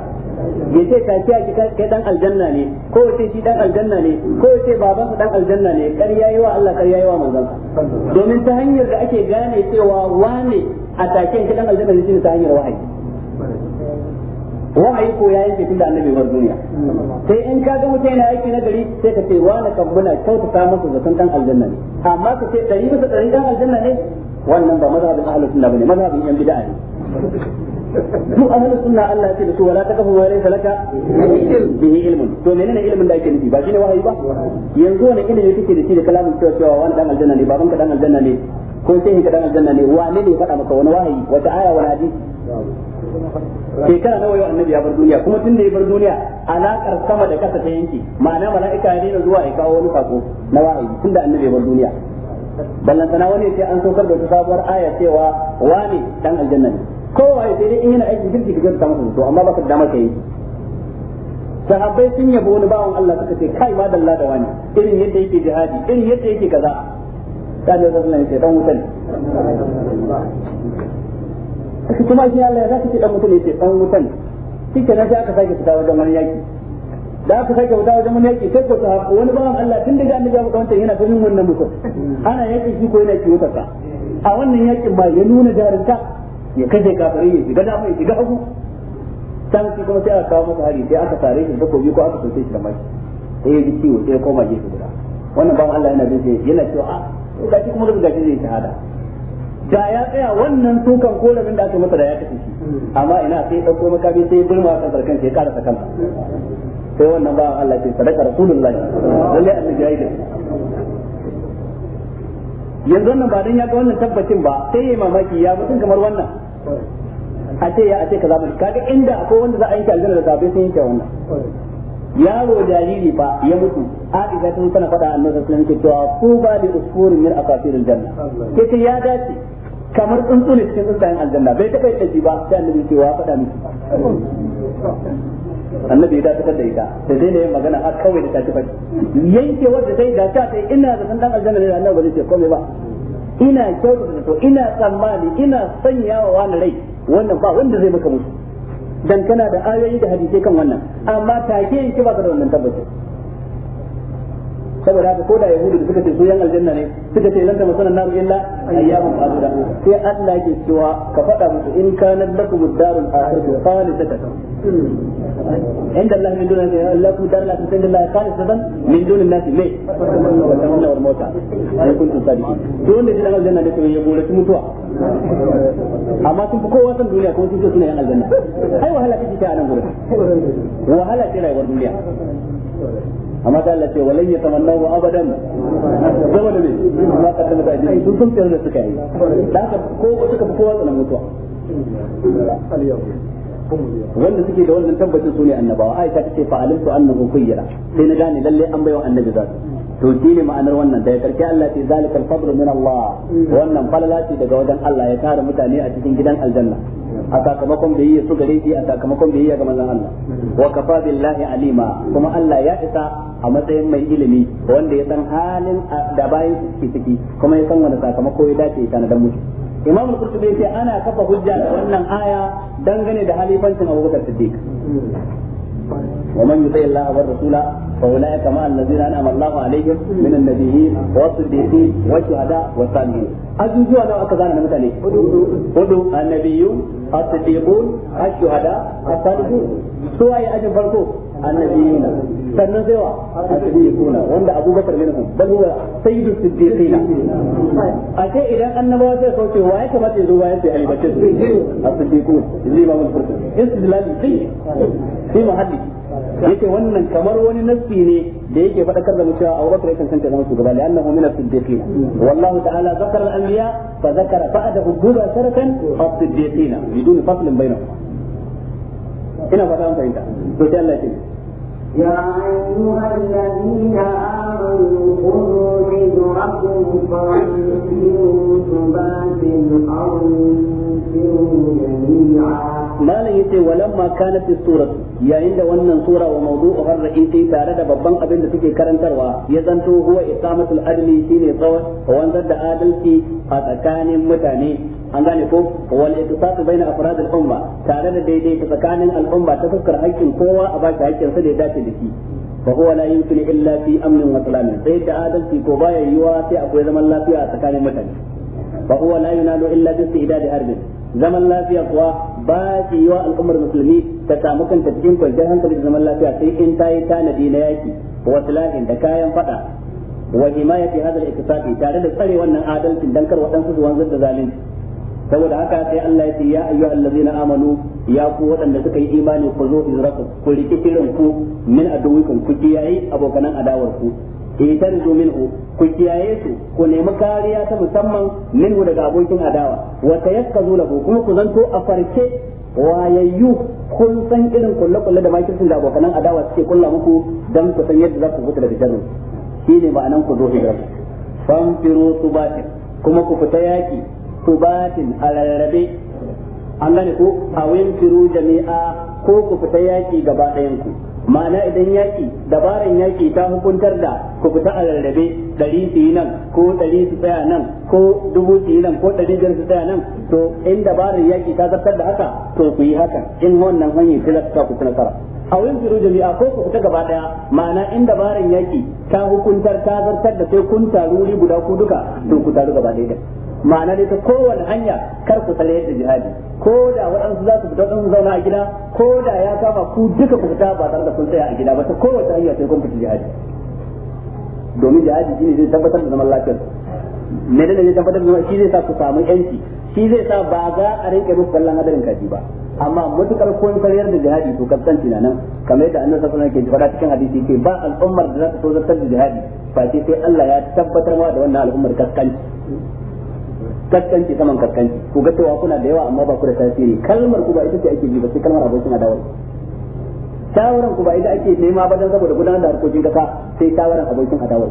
Speaker 1: ya ce kiya ki kai dan aljanna ne ko ce shi dan aljanna ne ko ce babansa dan aljanna ne ya yi wa Allah ya yi wa manzon domin ta hanyar da ake gane cewa wane a taken ki dan aljanna ne shine ta hanyar wahayi wahayi ko ya yanke tunda annabi bar duniya sai in ka ga mutum yana aiki na gari sai ka ce wani kan muna kyautata masa zaton dan aljanna ne amma ka ce dari bisa dari dan aljanna ne wannan ba mazhabin ahlus sunna bane mazhabin yan bid'a ne su ahlus sunna Allah yake da su wala taqafu wa laysa laka bihi ilmun to menene ilmin da ake nufi ba shine wahayi ba yanzu wani ilimi kake da shi da kalamin cewa cewa wani dan aljanna ne baban ka dan aljanna ne ko sai ka dan aljanna ne wane ne faɗa maka wani wahayi wata aya wani hadisi kana nawa yau annabi ya bar duniya kuma tun ya bar duniya alakar sama da kasa ta yanki ma'ana mala'ika ne na zuwa ya kawo wani sako na wa'azi tun annabi ya bar duniya ballan sana wani sai an saukar da wata sabuwar aya cewa wani dan aljanna ne kowa ya sai dai in yana aikin girki ka ganta masa to amma baka da dama ka yi sahabbai sun yabo wani bawan Allah suka ce kai ma dalla da wani irin yadda yake jihadi irin yadda yake kaza sai da sallallahu ya ce dan wutan kuma shi Allah ya zaka ce dan mutum ne ce dan mutum kike na sai aka sake fita wajen wani yaki da aka sake fita wajen wani yaki sai ko sa wani bawan Allah tun da ga annabi ya wannan yana ganin wannan mutum ana yaki shi ko yana kiyota ka a wannan yakin ba ya nuna jarinta ya kaje kafirai ya shiga dama ya shiga hagu can shi kuma sai aka kawo masa hari sai aka tare shi da kobi ko aka soke shi da mai sai ya ji ciwo sai ya koma gefe guda wannan bawan Allah yana jin sai yana cewa a ah, shi kuma da gashi zai shahada da ya tsaya wannan tukan korafin da aka masa da ya tafi amma ina sai ɗauko makami sai gulma a kasar kansa ya karasa kansa sai wannan ba Allah ce sadaka rasulullahi lalle annabi yayi da yanzu nan ba dan ya ga wannan tabbacin ba sai yi mamaki ya mutum kamar wannan a ce ya a ce kaza Ka kaga inda akwai wanda za a yanke aljanna da safe sun yanke wannan yaro jariri ba ya mutu Aisha tun tana faɗa annabi sallallahu alaihi wasallam cewa ku ba da usfurin min akafirul janna ce ya dace kamar tsuntsu ne cikin tsuntsayen aljanna bai ta kai taji ba sai annabi ce wa faɗa miki annabi ya dace da ita da zai ne magana a kawai da tafi fadi yanke wanda zai da ta ta ina da san dan aljanna ne Allah ba zai ce komai ba ina kyautu da to ina tsammani ina sanyawa wani rai wannan ba wanda zai maka musu dan kana da ayoyi da hadisi kan wannan amma take yake ba ka da wannan tabbacin saboda haka koda yahudu da suka ce su yan aljanna ne suka ce lan ta masana nar illa ayyamun ma'duda sai Allah ke cewa ka faɗa musu in kanat lakum ad-darul akhiratu khalisatan inda Allah min dunan ya Allah ku darla ta inda Allah khalisatan min dunan nasi ne wannan wal mota sai kun tun sadi to wanda shi dan aljanna ne kuma ya gore su mutuwa amma sun fi kowa san duniya kuma sun ce suna yan aljanna ai wahala kake ta nan gurin wahala ce rayuwar duniya amma da Allah ce walai ya wa abadan saboda amma ka tana da ajin sun sun tsere da suka yi da ko suka fi kowa tsanan mutuwa wanda suke da wannan tabbacin su ne annabawa aisha ta ce fa alimtu annahu khayyara sai na gane lalle an baiwa annabi zatu to shi ne ma'anar wannan da ya karshe Allah ce zalikal fadlu min Allah wannan falala ce daga wajen Allah ya tara mutane a cikin gidan aljanna a sakamakon da yi su gare shi a sakamakon da yi ga manzon Allah wa kafa billahi alima kuma Allah ya isa a matsayin mai ilimi wanda ya san halin da bayan suke ciki kuma ya san wani sakamako ya dace na da musu imam al-qurtubi yace ana kafa hujja da wannan aya dangane da halifancin Abu Bakar Siddiq wa man yuti Allah wa rasula fa ulai kama allazina an'ama Allahu alaihim min an-nabiyyin wa siddiqin wa shuhada wa salihin ajujuwa nawa aka zana mutane hudu annabiyyu as-siddiqun ash-shuhada as-salihun su waye ajin farko annabiyina sannan sai wa as-siddiquna wanda abubakar minhum bal huwa sayyidu siddiqina a ce idan annabawa sai kauce wa ya kamata ya zo bayan sai alibace su as-siddiqun imam al-qurtubi istidlali sai sai muhaddis yake wannan kamar wani nassi ne da yake faɗakar da mu cewa Abu Bakar yakan kanta zama shugaba li annahu min as-siddiqin wallahu ta'ala zakara al-anbiya fa zakara ba'dahu mubasharatan as-siddiqin bidun faslin bainahum ina fata an fahimta to sai Allah ya
Speaker 2: يا أيها الذين آمنوا خذوا حذركم فانفروا ثبات
Speaker 1: أو انفروا جميعا malam yace walamma kanat suratu yayin da wannan sura wa mawdu'uha ar-ra'isi tare da babban abin da suke karantarwa ya zanto huwa iqamatul adli shine tsawon wanzar da adalci a tsakanin mutane an gane ko wal ittifaq baina afrad al umma tare da daidai ta tsakanin al umma ta fuskar haƙƙin kowa a ba shi haƙƙin sa da ya dace da shi fa huwa la yumkin illa fi amnin wa salamin sai da adalci ko baya yiwa sai akwai zaman lafiya a tsakanin mutane fa huwa la yunalu illa bi istidad harbin zaman lafiya kuwa ba shi yiwa al'ummar musulmi ta samu kanta cikin kwanciyar hankali da zaman lafiya sai in ta yi tanadi na yaki wa silahin da kayan fada wa himayati hadal ittifaqi tare da tsare wannan adalcin dan kar waɗansu su wanzar da zalunci saboda haka sai Allah ya ce ya ayyuha allazina amanu ya ku waɗanda suka yi imani ku zo izraku ku riki kiran ku min aduwikum ku kiyaye abokanan adawar ku idan zo min ku kiyaye su ku nemi kariya ta musamman minhu daga abokin adawa wa tayakkazu lahu kuma ku zanto a farke wayayyu kun san irin kulle-kulle da sun da abokanan adawa suke kulla muku dan ku san yadda za ku fita daga jannu shine ma'anan ku zo hijira fanfiru subatin kuma ku fita yaki kubatin a rarrabe an gane ko a winfiru jami'a ko ku fita yaki gaba ɗayan ku ma'ana idan yaki dabaran yaki ta hukuntar da ku fita a rarrabe ɗari su yi nan ko ɗari su tsaya nan ko dubu su yi nan ko ɗari biyar su tsaya nan to in dabaran yaki ta zartar da haka to ku yi haka in wannan hanyar filasta ku nasara a firu jami'a ko ku fita gaba ɗaya ma'ana in dabaran yaki ta hukuntar ta zartar da sai kun taru guda ku duka to ku taru gaba ɗaya ma'ana ne ta kowane hanya kar ku tsare yadda jihadi ko da waɗansu za su fita don zauna a gida ko da ya kama ku duka ku fita ba tare da kun tsaya a gida ba ta kowace hanya sai kun fita jihadi domin jihadi ne zai tabbatar da zaman lafiyar me da zai tabbatar da shi zai sa ku samu yanci shi zai sa ba za a rinke muku kallon hadarin kaji ba amma mutukar kun karyar da jihadi to kasance nan kamar yadda annabi sallallahu alaihi wasallam ke faɗa cikin hadisi ke ba al'ummar da za ta so zartar da jihadi fa sai Allah ya tabbatar ma da wannan al'ummar kaskanci kaskanci saman kaskanci ku ga cewa kuna da yawa amma ba ku da tasiri kalmar ku ba ita ce ake bi ba sai kalmar abokin adawa shawaran ku ba ita ake nema ba dan saboda gudanar da harkokin kasa sai shawaran abokin adawa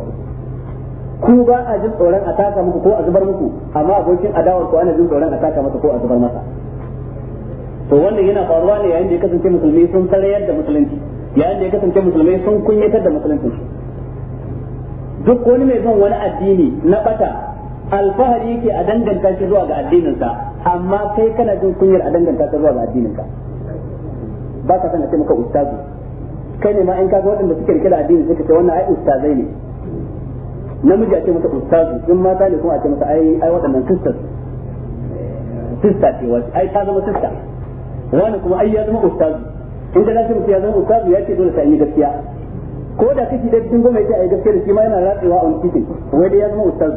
Speaker 1: ku ba a jin tsoron a taka muku ko a zubar muku amma abokin adawa ku ana jin tsoron a taka masa ko a zubar masa to wannan yana faruwa ne yayin da ya kasance musulmi sun tarayyar da musulunci yayin da ya kasance musulmai sun kunyatar da musulunci duk wani mai son wani addini na bata alfahari yake a danganta shi zuwa ga addininsa amma kai kana jin kunyar a danganta shi zuwa ga addininka ba ka san a ce maka ustazu kai ne ma in ka ga waɗanda suke rike da addini suka ce wannan ai ustazai ne namiji a ce masa ustazu in mata ne kuma a ce masa ai ai waɗannan sisters sista ce wasu ai ta zama sista wani kuma ai ya zama ustazu in da na ce mutum ya zama ustazu ya ce dole sai an yi gaskiya ko da kake da cikin goma yake a gaske da shi ma yana ratsewa a cikin wai da ya zama ustaz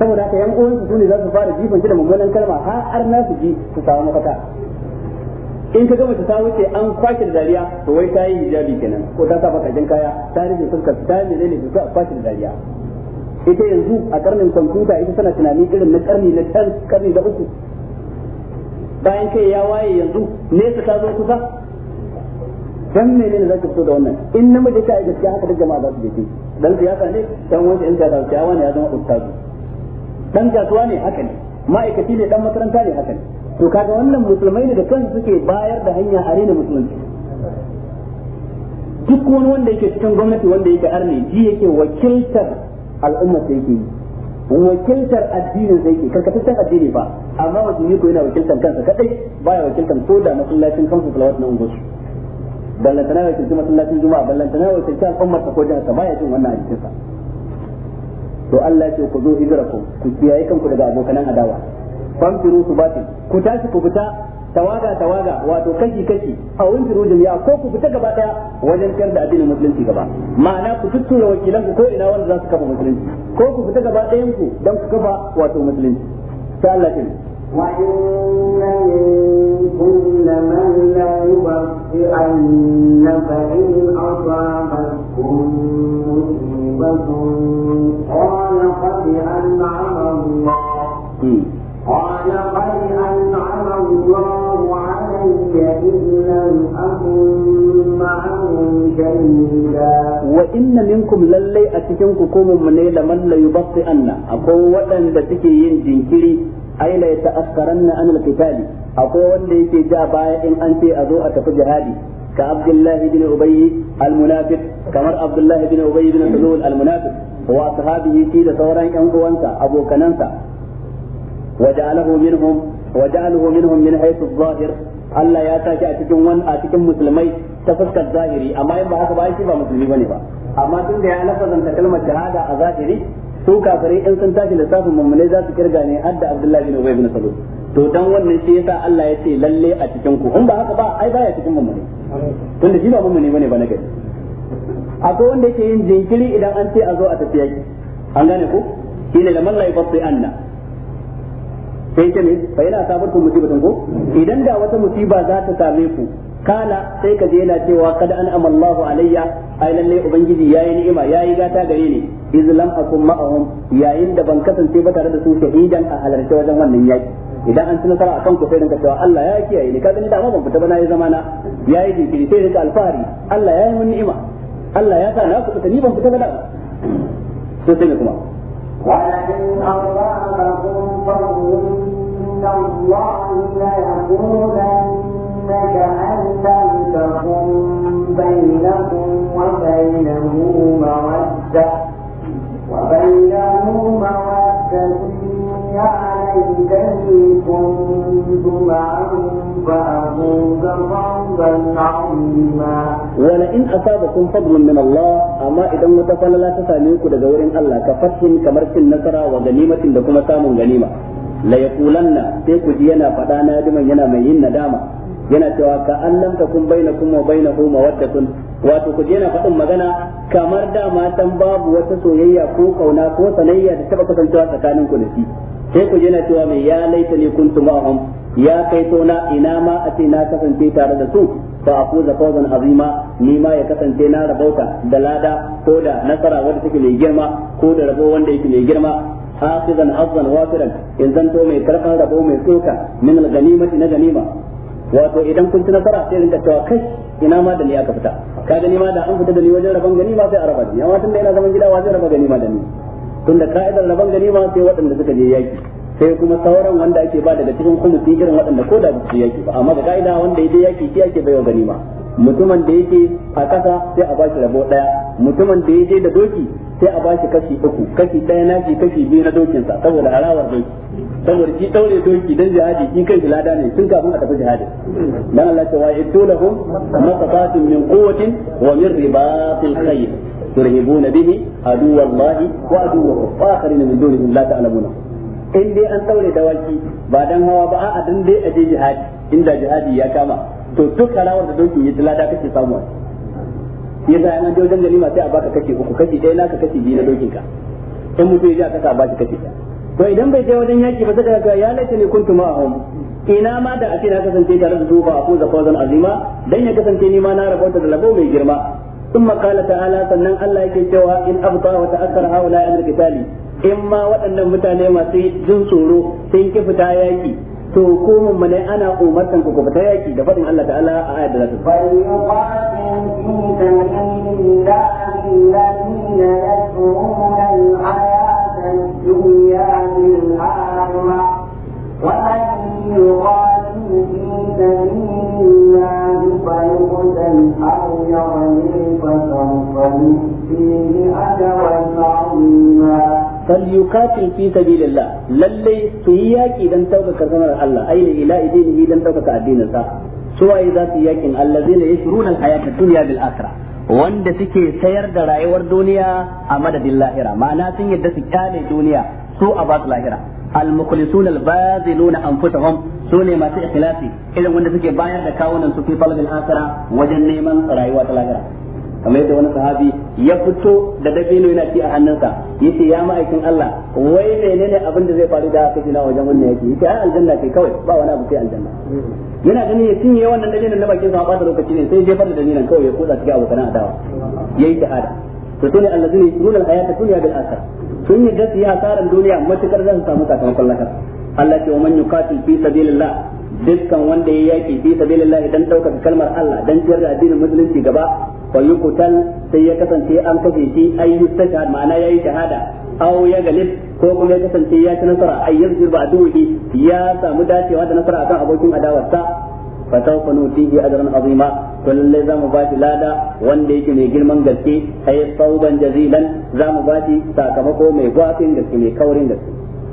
Speaker 1: saboda haka yan uwan su ne za su fara jifan shi da mummunan kalma har har na su ji su samu mafaka in ka gama ta wuce an kwashe da dariya to wai ta yi hijabi kenan ko ta sa kajin kaya ta rike fuskar ta ne ne su ka kwashe da dariya ita yanzu a karnin kwamfuta ita tana tunani irin na karni na can karni da uku bayan kai ya waye yanzu ne nesa ta zo kusa dan menene zaka fito da wannan in namiji ka gaskiya haka da jama'a za su je dan siyasa ne dan wani in ka dawo ne ya zama ustazu dan kasuwa ne haka ne ma'aikaci ne dan makaranta ne haka ne to kaga wannan musulmai ne da kansu suke bayar da hanya a rena musulunci duk wani wanda yake cikin gwamnati wanda yake arne ji yake wakiltar al'ummar da yake wakiltar addinin ke yake karkataccen addini ba amma yi ko yana wakiltar kansa kadai baya wakiltar ko da masallacin kansu salawat na unguwarsu ballantana ya kirki masallacin juma'a ballantana ya kirki al'ummar ta ko jihar ta baya jin wannan a sa to Allah ya ce ku zo hijirakum ku kiyaye kanku daga abokanan adawa famfiru su batin ku tashi ku fita tawaga tawaga wato kashi kashi a rujin ya? ko ku fita gaba ta wajen ciyar da addinin musulunci gaba ma'ana ku tuttura wakilan ku ko ina wanda za su kafa musulunci ko ku fita gaba ɗayan ku dan ku kafa wato musulunci sai Allah ya
Speaker 2: وإن منكم لمن ليبطئن فإن أصابتكم مصيبة قال قد أنعم الله قال قد أنعم الله علي إذ لم
Speaker 1: أكن معهم شهيدا wa inna minkum lallai a cikin ku ko mun ne da man la akwai waɗanda suke yin jinkiri aina la yata'akkaranna an al-qitali akwai wanda yake ja baya in an ce a zo a tafi jihadi ka Abdullahi bin al-Munafiq kamar Abdullahi bin bin Salul al-Munafiq wa fi da sauran yan uwansa abokanansa waja'alahu minhum waja'alahu minhum min haythu adh-dhahir Allah ya a cikin wani a cikin musulmai ta fuskar zahiri amma ba haka ba shi ba musulmi bane ba amma tun da ya lafazanta kalmar shahada a zahiri su kafare in sun tashi lissafin mummune za su kirga ne hadda Abdullahi bin Ubay bin Salul to dan wannan shi yasa Allah ya ce lalle a cikin ku in ba haka ba ai baya cikin mummune tunda shi ba mummune bane ba na gari akwai wanda yake yin jinkiri idan an ce a zo a tafiya ki an gane shi shine da man mallai fasi anna sai ce ne fa yana sabar ku musibatan ko idan da wata musiba za ta same ku kala sai ka je yana cewa kada an amallahu alayya ai lalle ubangiji yayi ni'ima yayi gata gare ni iz lam akun ma'ahum yayin da ban kasance ba tare da su shahidan a halarce wajen wannan yaki idan an ci nasara akan ku sai rinka cewa Allah ya kiyaye ni kaga ni da ma ban fita ba nayi zamana yayi jinkiri sai rinka alfahari Allah ya yi mun ni'ima Allah ya sa na ku ni ban fita ba da to sai kuma
Speaker 2: ولئن أرادكم فضل من الله ليقولن Saka hankali sa a ƙungiyar mawaka. Bayyan
Speaker 1: min Allah? Amma idan wata kwalala ta sami ku daga wurin Allah, ka faɗ kamar sun nasara wa ganima da kuma samun ganima. Layaqulan na teku yana faɗa na yana mai yin nadama. yana cewa ka lam ta kun baina kuma baina hu kun wato ku jena na faɗin magana kamar da ma san babu wata soyayya ko kauna ko sanayya da taba kasancewa tsakanin ku da shi sai ku jena cewa mai ya laita ne tuma ma'ahum ya kai na ina ma a ce na kasance tare da su fa za fawzan azima ni ma ya kasance na rabauta da lada ko da nasara wanda take mai girma ko da rabo wanda yake mai girma hafizan hazzan wafiran in zanto mai karfan rabo mai tsoka min al-ganimati na ganima wato idan kun ci nasara sai rinka cewa kai ina ma da ni aka fita ka gani ma da an fita da ni wajen rabon gani ma sai a raba ni amma tunda ina zaman gida wa zai raba gani ma da ni tunda ka'idar rabon gani ma sai waɗanda suka je yaki sai kuma sauran wanda ake ba daga cikin kuma irin waɗanda ko da su yaki ba amma da ka'ida wanda ya je yaki shi ake baiwa gani ma mutumin da yake a kasa sai a bashi rabo daya mutumin da yake da doki sai a bashi kashi uku kashi daya na shi kashi biyu na sa saboda harawar doki saboda shi taure doki dan jihadi shi kai lada ne tun kafin a tafi jihadi dan Allah ta waye tulahum lahum min quwwatin wa min ribatil khayr turhibuna bihi wallahi wa adu wa akharina min dunihim la ta'lamuna in dai an taure dawaki ba dan hawa ba a'a dan dai a je jihadi inda jihadi ya kama to duk harawar da doki ya lada kake samu ya sa yana wajen ganima sai a baka kashi uku kashi ɗaya naka kashi biyu na dokin ka in mutum ya ji a ba shi kashi ɗaya to idan bai je wajen yaki ba sai ka ya laita ne kuntu ma hum ina ma da ake na kasance tare da zuwa a fuza fawzan azima dan ya kasance ni ma na rabonta da labo mai girma ثم قال تعالى sannan Allah yake cewa in abta wa ta'akkara haula an qitali in ma waɗannan mutane masu jin tsoro sun ki ta yaki to ko mun ana umartan ku ku fita yaki da fadin Allah ta'ala a ayat da zata ta fa yuqatin
Speaker 2: fi sabilillahi alladhina al dunya bil wa an fi sabilillahi fa
Speaker 1: aw fa 'azima fal yuqatil fi sabilillah lalle su yi yaki dan daukaka kalmar Allah ayyul ila idinihi dan daukaka addinin sa su waye za su yi yakin allazina yashruna hayatad dunya da akhirah wanda suke sayar da rayuwar duniya a madadin lahira ma'ana sun yarda su kyale duniya su a ba su lahira al-mukhlisun al-baziluna anfusahum su ne masu ikhlasi irin wanda suke bayar da kawunan su fi falal akhirah wajen neman rayuwa ta lahira kamar yadda wani sahabi ya fito da dabino yana ci a hannunsa yace ya ma'aikin Allah wai menene abin da zai faru da haka na wajen wannan yake yace a aljanna ke kawai ba wani abu sai aljanna yana ganin ya cinye wannan dabinon na bakin sa ba da lokaci ne sai jefar da dabinon kawai ya kusa cikin abokan adawa yayi shahada to sune allazina yusruna alhayata dunya bil akhirah sun yi gasi asaran duniya matukar zan samu sakamakon lahira Allah ce wa man yuqatil fi sabilillah dukkan wanda ya yaki fi sabilillah dan daukar kalmar Allah dan jiyar da addinin musulunci gaba fa yuqtal sai ya kasance an kashe shi ay yustashhad ma'ana yayi shahada aw ya galib ko kuma ya kasance ya ci nasara ay yazir ba duhi ya samu dacewa da nasara akan abokin adawarsa fa sawfa nutihi ajran azima to lalle za mu ba shi lada wanda yake mai girman gaske ay sauban jazilan za mu ba shi sakamako mai gwafin gaske mai kaurin gaske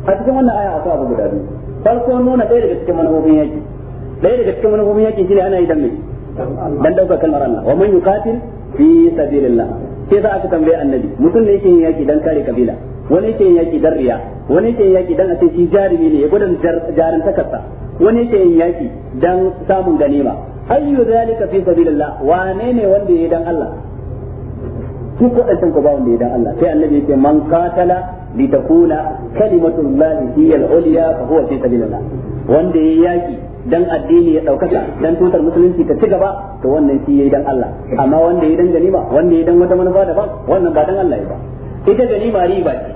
Speaker 1: a cikin wannan aya akwai abu guda biyu farko nuna ɗaya daga cikin manufofin yaki ɗaya daga cikin manufofin yaki shine ana yi dan mai dan dauka kalmar Allah wa man yuqatil fi sabilillah sai za aka tambaye annabi mutum ne yake yin yaki dan kare kabila wani yake yin yaki dan riya wani yake yin yaki dan ace shi jarumi ne ya gudun jarin takarsa wani yake yin yaki dan samun ganima ayyu zalika fi sabilillah wane ne wanda yayi dan Allah duk wadannan ko ba wanda yayi dan Allah sai annabi yake man qatala litakuna kalimatullahi hiya al-ulya fa huwa fi sabilillah wanda yayi yaki dan addini ya ɗaukaka dan tutar musulunci ta ci gaba to wannan shi yayi dan Allah amma wanda yayi dan ganima wanda yayi dan wata manufa daban wannan ba dan Allah ya ba ita ganima riba ce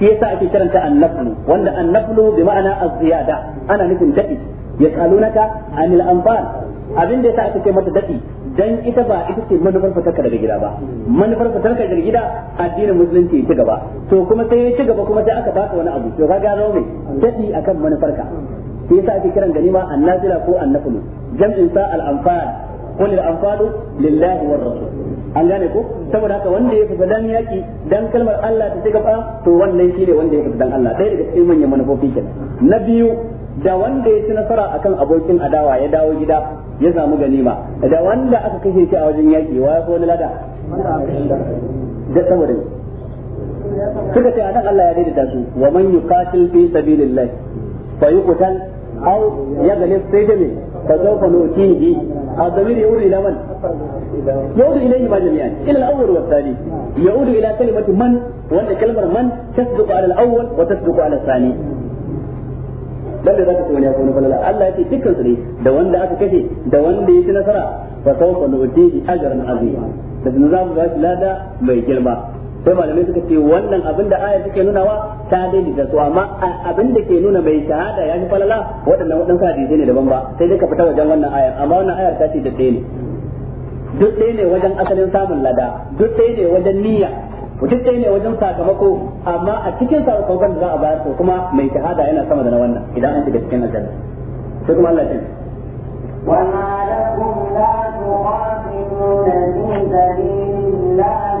Speaker 1: shi yasa ake karanta annaflu wanda annaflu bi ma'ana az-ziyada ana nufin dadi yasalunaka anil anfal abin da yasa aka ce mata dadi dan ita ba ita ce manufar fitarka daga gida ba manufar fitarka daga gida addinin musulunci ya ci gaba to kuma sai ya ci gaba kuma sai aka baka wani abu to ka gano me dadi akan manufarka shi yasa ake kiran ganima annazila ko annafulu jam'in sa al-anfal qul al lillahi war rasul an gane ko saboda haka wanda ya fita dan yaki dan kalmar Allah ta shiga fa to wannan wanda ya fita dan Allah ɗaya daga cikin manyan manufofi kenan da wanda ya ci nasara akan abokin adawa ya dawo gida ya samu ganima da wanda aka kashe shi a wajen yaki wa ya fi lada da saboda suka ce Allah ya daidaita su wa man yuqatil fi sabilillah fa yuqtal aw yaghlib sayjami fa sawfa nutihi الضمير يعود إلى من؟ يعود إليهما جميعا إلى الأول والثاني يعود إلى كلمة من وأن كلمة من تصدق على الأول وتصدق على الثاني lalle za ka wani ya kuma falala Allah yake ce dukkan su ne da wanda aka kashe da wanda ya nasara fa sawfa nu'tihi ajran azima da za mu lada mai girma sai malamai suka ce wannan abin da aya take nuna wa ta daidai da su amma abin da ke nuna mai shahada ya fi falala waɗannan waɗansu hadisai ne daban ba sai dai ka fita wajen wannan ayar amma wannan ayar ta ce da ɗaya ne duk ɗaya ne wajen asalin samun lada duk ɗaya ne wajen niyya duk ɗaya ne wajen sakamako amma a cikin sakamakon da za a bayar ko kuma mai shahada yana sama da na wannan idan an shiga cikin aljanna sai kuma Allah ya ce
Speaker 2: وما لكم لا تقاتلون في سبيل الله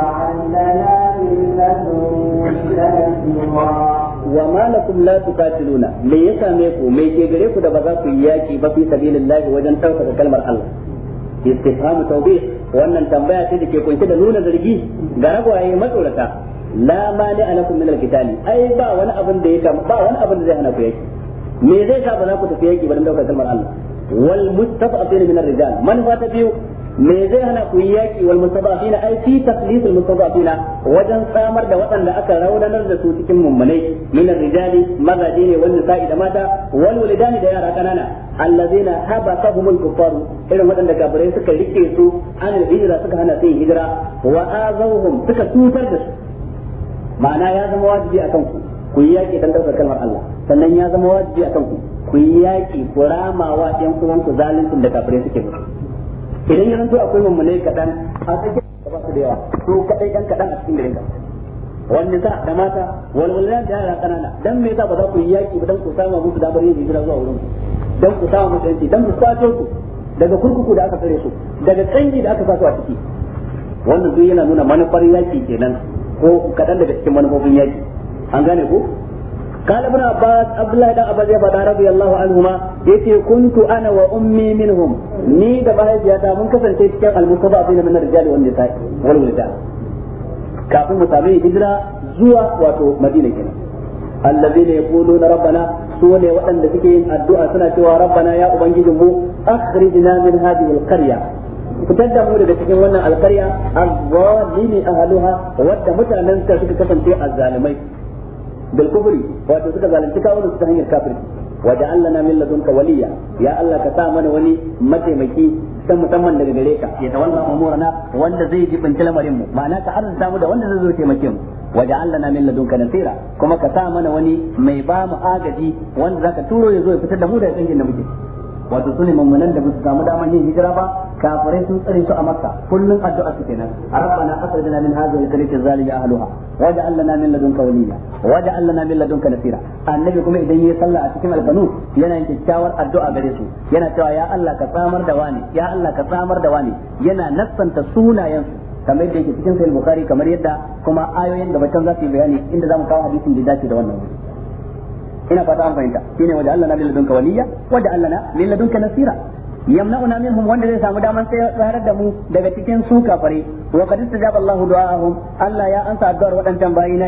Speaker 2: wa
Speaker 1: ma lakum la tuqatiluna me yasa same ku me ke gare ku da ba za ku yi yaki ba fi sabilillahi wajen ɗaukaka kalmar Allah istifhamu tawbih wannan tambaya ce da ke da nuna zargi ga ragwaye matsorata la mani alakum min ai ba wani abin da ba wani abin da zai hana ku yaki me zai sa ba za yaki ba dan kalmar Allah wal min ta biyu me zai hana ku yaki wal mustadafina ai fi taqlis al mustadafina wajen samar da waɗanda aka raunanar da su cikin mummunai min rijali mazaje ne wanda sa'i da mata wal walidani da yara kanana allazina habasahum al kuffaru irin waɗanda kafirai suka rike su an hijira suka hana su hijira wa azawhum suka tutar da su ma'ana ya zama wajibi akan ku ku yi yaƙi don ɗaukar kalmar Allah sannan ya zama wajibi akan ku ku yi yaƙi ku rama wa ɗan uwanku zaluncin da kafirai suke musu idan ya zanto akwai mummunai kaɗan a tsakiyar da ba su da yawa to kaɗai ɗan kaɗan a cikin garin wanda sa da mata walwalan da yara kanana dan me yasa ba za ku yi yaki ba dan ku samu musu damar yin hijira zuwa wurin dan ku sama musu yanci dan ku kwato su daga kurkuku da aka tsare su daga tsangi da aka sa su a ciki wannan duk yana nuna manufar yaki kenan ko kaɗan daga cikin manufofin yaki an gane ko قال ابن عباس عبد الله بن عباس يفدا رضي الله عنهما يتي كنت انا وامي منهم ني da mahaifiyata mun kasance cikin almustadafin min ar zuwa wato madina kenan allazina yaquluna rabbana suke yin addu'a suna cewa rabbana ya ubangijin mu akhrijna min fitar da mu daga cikin wannan suka kasance bil kufri wato suka zalunci kawunan su ta hanyar kafirci wa ja'alna min waliya ya Allah ka mana wani mataimaki san musamman daga gare ka ya tawalla umurana wanda zai jibinci lamarin mu ma'ana ka arzuta mu da wanda zai zo taimake mu waja'alna min ladunka nasira kuma ka sa mana wani mai ba mu agaji wanda zaka turo ya zo ya fitar da mu daga kangin da muke wato sune mummunan da ba su samu damar yin hijira ba kafirai sun tsare su a makka kullun addu'a su kenan rabbana akhrijna min hadhihi al-qaryati zalimi ahliha waj'al lana min ladunka waliya waj'al lana min ladunka nasira annabi kuma idan yayi sallah a cikin alqanun yana yin kyakkyawar addu'a gare su yana cewa ya Allah ka samar da wani ya Allah ka samar da wani yana nassanta sunayen su kamar yadda yake cikin sahih bukhari kamar yadda kuma ayoyin da batan za su yi bayani inda zamu kawo hadisin da dace da wannan ina fata an fahimta shine waje Allah na min ladunka waliya waje Allah na ladunka nasira yamna'una minhum wanda zai samu daman tsayarar da mu daga cikin su kafare wa qad istajaba Allahu du'a'ahum Allah ya ansa addu'ar waɗancan bayina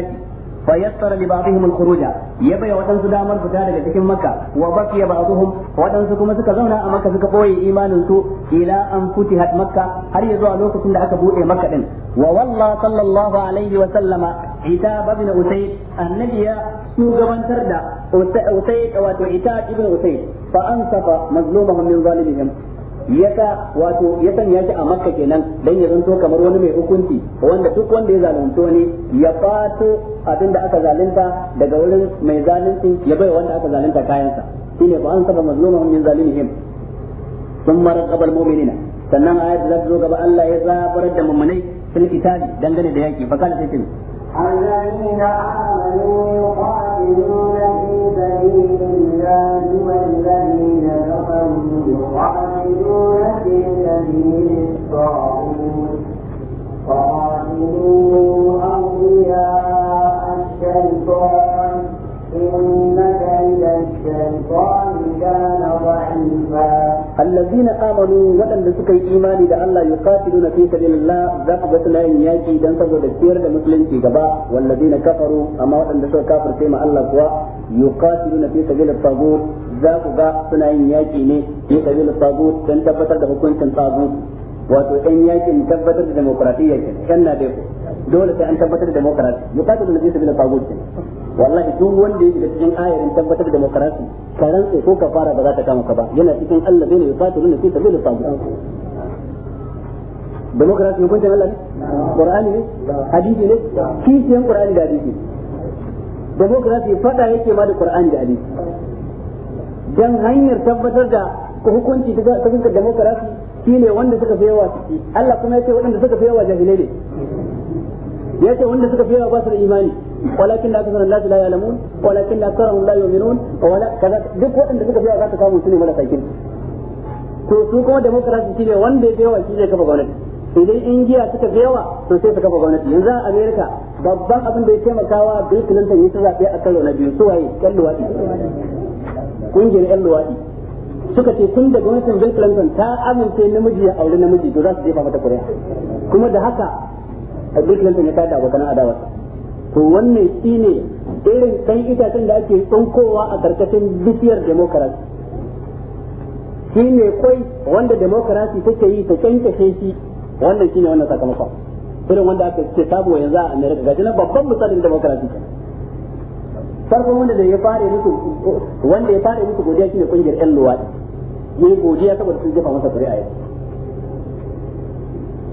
Speaker 1: fa yassara li ba'dihim al-khuruja ya bai wadansu damar fita daga cikin makka wa baqiya ba'dhum wadansu kuma suka zauna a maka suka boye imanin su ila an futihat makka har ya zuwa lokacin da aka buɗe makka din wa walla sallallahu alaihi wa sallama ita ibn usayd annabi ya shugabantar da usayd wato ita ibn usai fa ansafa mazlumahum min zalimihim yasa wato ya sanya shi a makka kenan dan ya zanto kamar wani mai hukunci wanda duk wanda ya zalunta wani ya fato abin da aka zalunta daga wurin mai zalunci ya bai wanda aka zalunta kayansa shine ba an saba mazlumahum min zalimihim mara raqabal mu'minina sannan ayat da zo gaba Allah ya zabar da mummunai fil kitabi dangane da yaki fa kana sai
Speaker 2: الذين آمنوا يقاتلون في سبيل الكتاب والذين كفروا يقاتلون في سبيل الطاغوت فقاتلوا أولياء الشيطان
Speaker 1: الذين آمنوا وأن سكي إيمان إذا الله يقاتلون في سبيل الله ذاك بسنا ياكي دان سبب الكير المسلم في جباء والذين كفروا أما وأن سكي كافر كما الله سوا يقاتلون في سبيل الطاغوت ذاك با سنا ياكي في سبيل الطاغوت كان تبتر ده حكم الطاغوت وتو إن ياكي تبتر ديمقراطية كان ناديه dole sai an tabbatar da demokarasi yuqatilu nabi sabila tagut wallahi duk wanda yake cikin ayarin tabbatar da demokarasi ka rantsa ko ka fara ba za ta kama ka ba yana cikin Allah bai ne yuqatilu nabi sabila tagut demokarasi hukuncin Allah ne qur'ani ne hadisi ne kishiyan qur'ani da hadisi demokarasi fada yake ma da qur'ani da hadisi dan hanyar tabbatar da hukunci ta fuskar demokarasi shine wanda suka fi yawa ciki Allah kuma yake waɗanda suka fi yawa jahilai ne ya ce wanda suka fi yawa ba su da imani walakin da kasar Allah la ya'lamun walakin da kasar Allah yu'minun wala kaza duk waɗanda suka fi yawa za ka samu su mala sakin to su kuma demokrasi shine wanda ya fi yawa shi ne kafa gwamnati idan indiya suka fi yawa to sai su kafa gwamnati yanzu a america babban abin da ya taimakawa bill clinton ya ci zaɓe a karo na biyu su waye yan luwaɗi kungiyar yan luwaɗi suka ce tun da gwamnatin bill clinton ta amince namiji ya auri namiji to za su jefa mata kuri'a kuma da haka duk lantin ya kada abokan adawa to wannan shine irin kan itacen da ake tsunkowa a karkashin bishiyar demokarasi shi ne kwai wanda demokarasi take yi ta kyankyashe shi wannan shine wannan sakamakon irin wanda aka ce sabuwa yanzu a america gaji na babban misalin demokarasi farkon wanda da ya fara musu wanda ya fara musu godiya shine kungiyar yan luwadi yayi godiya saboda sun jefa masa kuri'a yau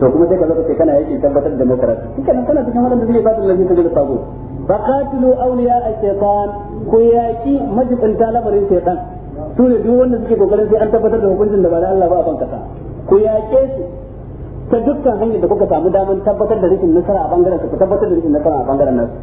Speaker 1: to kuma sai ka zo ka ce kana yake tabbatar da demokrasi kana kana cikin wadanda suke fatin lafiya ta gaba sabo faqatilu awliya ash-shaytan ku yaki majibinta labarin shaytan su ne duk wanda suke kokarin sai an tabbatar da hukuncin da ba na Allah ba a ban kasa ku yake su ta dukkan hanyar da kuka samu damar tabbatar da rikin nasara a bangaren ku tabbatar da rikin nasara a bangaren nasu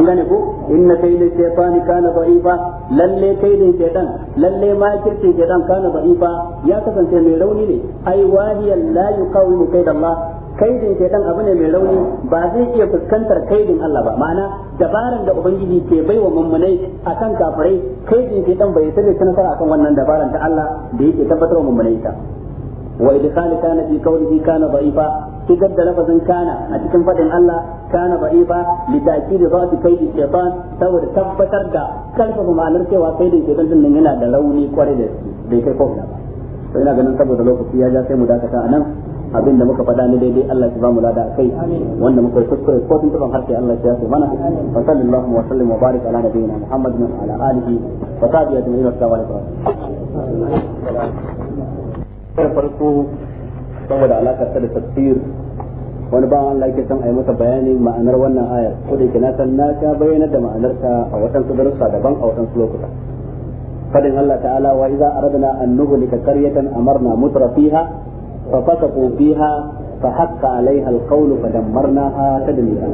Speaker 1: an gane ko inna kayyid ash-shaytan kana da'ifa lalle kai ne dan lalle ma kirce dan kana ba'ifa ya kasance mai rauni ne ai wahiyan la yuqawimu kaidallah ke dan abu ne mai rauni ba zai iya fuskantar kaidin Allah ba ma'ana dabaran da ubangiji ke baiwa mummunai akan kafirai ke dan bai sani ta nasara akan wannan dabaran ta Allah da yake tabbatar wa mummunai ta wa idkhali kana fi qawlihi kana da'ifa shigar da lafazin kana a cikin faɗin Allah kana da'ifa ba ta'kid dhati kaidi shaytan saboda tabbatar da kalfa ma'anar cewa kaidin shaytan din nan yana da rauni kwarai da bai kai kofa ba to ina ganin saboda lokaci ya ja sai mu dakata anan abinda da muka faɗa ne daidai Allah ya ba mu lada kai wanda muka kuskure ko tun tuban harke Allah ya yafe wa Muhammad ala alihi wa farko saboda alakar ta da tafsir wani ba Allah yake son a yi masa bayanin ma'anar wannan ayar ko da na san na ta bayyana da ma'anar ta a su darussa daban a su lokuta fadin Allah ta'ala wa idza aradna an nuhlika qaryatan amarna mutra fiha fa fasaqu fiha fa haqqa 'alayha al-qawlu fa dammarnaha tadmira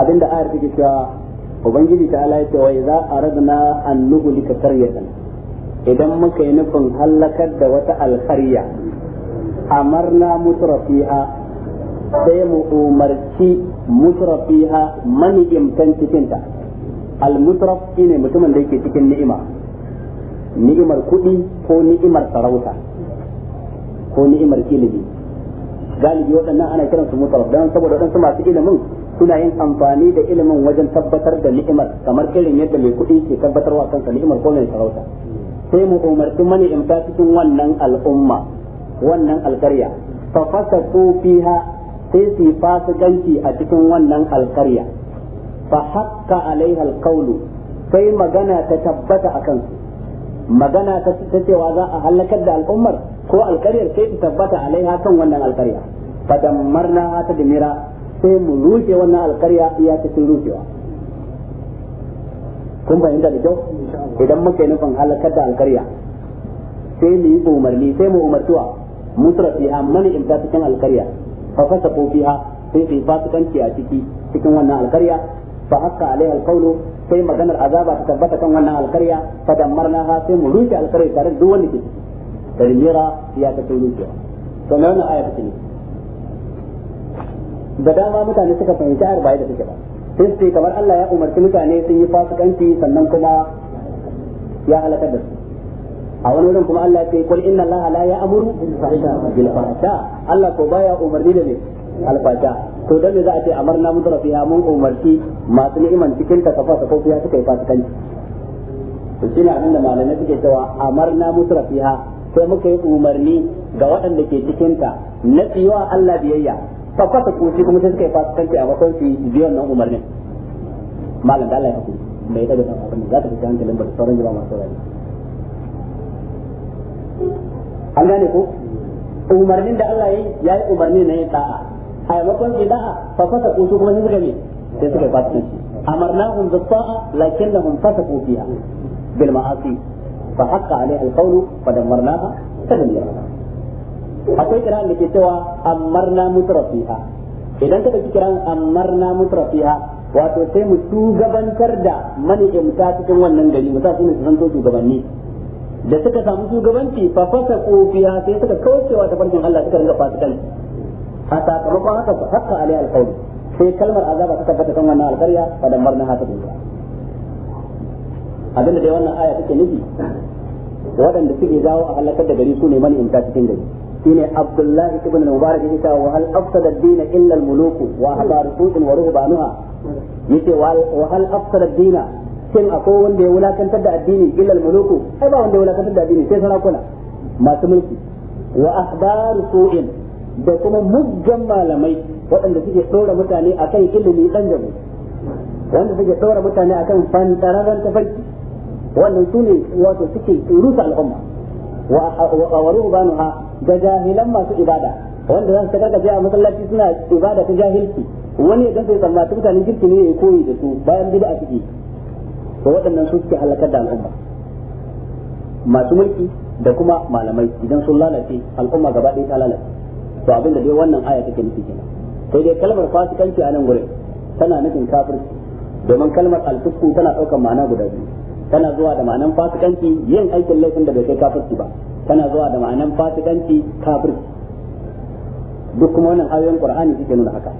Speaker 1: abinda ayar take cewa ubangiji ta'ala yake wa idza aradna an nuhlika qaryatan idan muka yi nufin hallakar da wata alkarya amarna mutrafiha sai mu umarci mutrafiha manigimtan cikinta almutraf mutraf ne mutumin da yake cikin ni'ima ni'imar kuɗi ko ni'imar sarauta ko ni'imar ilimi galibi waɗannan ana kiransu mutraf don saboda waɗansu masu ilimin suna yin amfani da ilimin wajen tabbatar da ni'imar kamar irin yadda mai kuɗi ke tabbatarwa kansa ni'imar ko mai sarauta sai mu umarci mani in ta cikin wannan al'umma wannan alkarya fa fasaqu fiha sai su ganci a cikin wannan alkarya fa haqqa alaiha alqawlu sai magana ta tabbata akan su magana ta cewa za a halakar da al'ummar ko alkaryar sai ta tabbata alaiha kan wannan alkarya fa dammarna ta dimira sai mu rushe wannan alkarya iya cikin rushewa kun fahimta da kyau idan muka yi nufin halakar da alkarya sai mu yi umarni sai mu umartuwa musra fiha mani in fasikan alkarya fa fasa ko fiha sai fi fasikanci a ciki cikin wannan alkarya fa haka alai alkaulu sai maganar azaba ta tabbata kan wannan alkarya fa ha sai mu rufe alkarya tare da duk wanda ke tarmira ya ta kai rushewa to me wannan aya take ne da dama mutane suka fahimci ayar ba da take ba sai kamar Allah ya umarci mutane sun yi fasikanci sannan kuma ya halakar da su a wani wurin kuma Allah ya ce kul inna Allah la ya'muru bil fahsha Allah ko baya umarni da ne al to dan ne za a ce amarna mutara fiha mun umarci masu ni'iman cikin ka kafa ko ya suka yi fasikanci to shine abin da malamai suke cewa amarna mutara fiha sai muka yi umarni ga waɗanda ke cikin ta na wa Allah biyayya fa kwata koshi kuma sai suka yi fasikanci a bakon su biyan nan umarnin malam dalai haku ya mai daga nan umarni za ta fi jan jalin bari sauran jama'a masu rari an gane ko umarnin da Allah ya yi ya yi umarni na yin da'a a yamakon su da'a fa kwata koshi kuma sai suka yi sai suka yi fasikanci amarnahum bis sa'a hun fasa kofiya bil ma'asi fa haqqa alaiha al-qawlu fa ta tadmira akwai kiran da ke cewa amarna mutrafiha idan ka dauki kiran amarna mutrafiha wato sai mu shugabantar da mani'imta cikin wannan gari mu sa su ne su zanto shugabanni da suka samu shugabanci fa fasa kofiya sai suka kaucewa ta farkin Allah suka rinka fasikanci a sakamakon haka haka alai alqauli sai kalmar azaba ta tabbata kan wannan alƙarya fa da marna haka dinka da dai wannan aya take nufi waɗanda suke jawo a halakar da gari su ne mani'imta cikin gari shine Abdullah ibn Mubarak yake cewa hal afsada ad-din illa al-muluku wa ahbaru suqin wa ruhbanuha yace wa hal afsada ad-din shin akwai wanda ya wulakantar illa al-muluku ai wanda ya wulakantar da mulki wa da kuma muggan malamai waɗanda suke ɗora mutane akan ilimi dan wanda suke ɗora mutane fantararren tafarki wannan su ne wato suke rusa al'umma wa qawaru banuha ga jahilan masu ibada wanda zan ka ga a masallaci suna ibada ta jahilci wani ya gasa ya tsammata mutanen kirki ne ya koyi da su bayan bid'a ciki to waɗannan su suke halakar da al'umma masu mulki da kuma malamai idan sun lalace al'umma gaba ɗaya ta lalace to abin da dai wannan aya take nufi kenan sai dai kalmar fasikanci a nan gurin tana nufin kafirci domin kalmar alfisku tana ɗaukar ma'ana guda biyu tana zuwa da ma'anan fasikanci yin aikin laifin da bai kai kafirci ba tana zuwa da ma'anan fasikanci kafirci duk kuma wannan ayoyin qur'ani suke nuna haka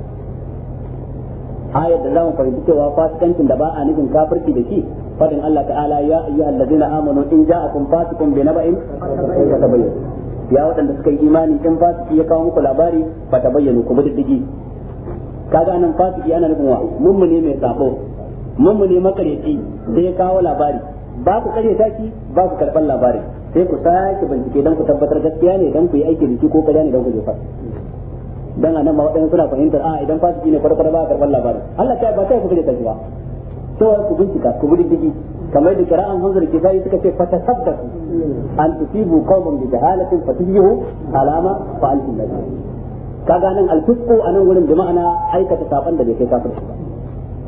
Speaker 1: ayat da zamu fahimci cewa fasikancin da ba a nufin kafirci da shi fadin Allah ta'ala ya ayyuhal ladina amanu in ja'akum fasikun bi naba'in fatabayyanu ya wadanda suka yi imani in fasiki ya kawo muku labari fatabayyanu ku bi diddigi kaga nan fasiki ana nufin wa mummune mai sabo mun mu ne makareci da ya kawo labari ba ku kare taki ba ku karban labari sai ku sake bincike dan ku tabbatar gaskiya ne dan ku yi aiki da ko kada ne dan ku jefa dan anan ma wadannan suna fahimtar a idan fasiki ne farko ba karban labari Allah ta ba ta ku kare taki ba to ku bincika ku bi diki kamar da kira'an hanzar kifari suka ce fata sabbatu an tusibu qawmun bi jahalatin fatihu alama fa'altum kaga nan al-fisqu anan gurin bi ma'ana aikata saban da bai kai kafirci ba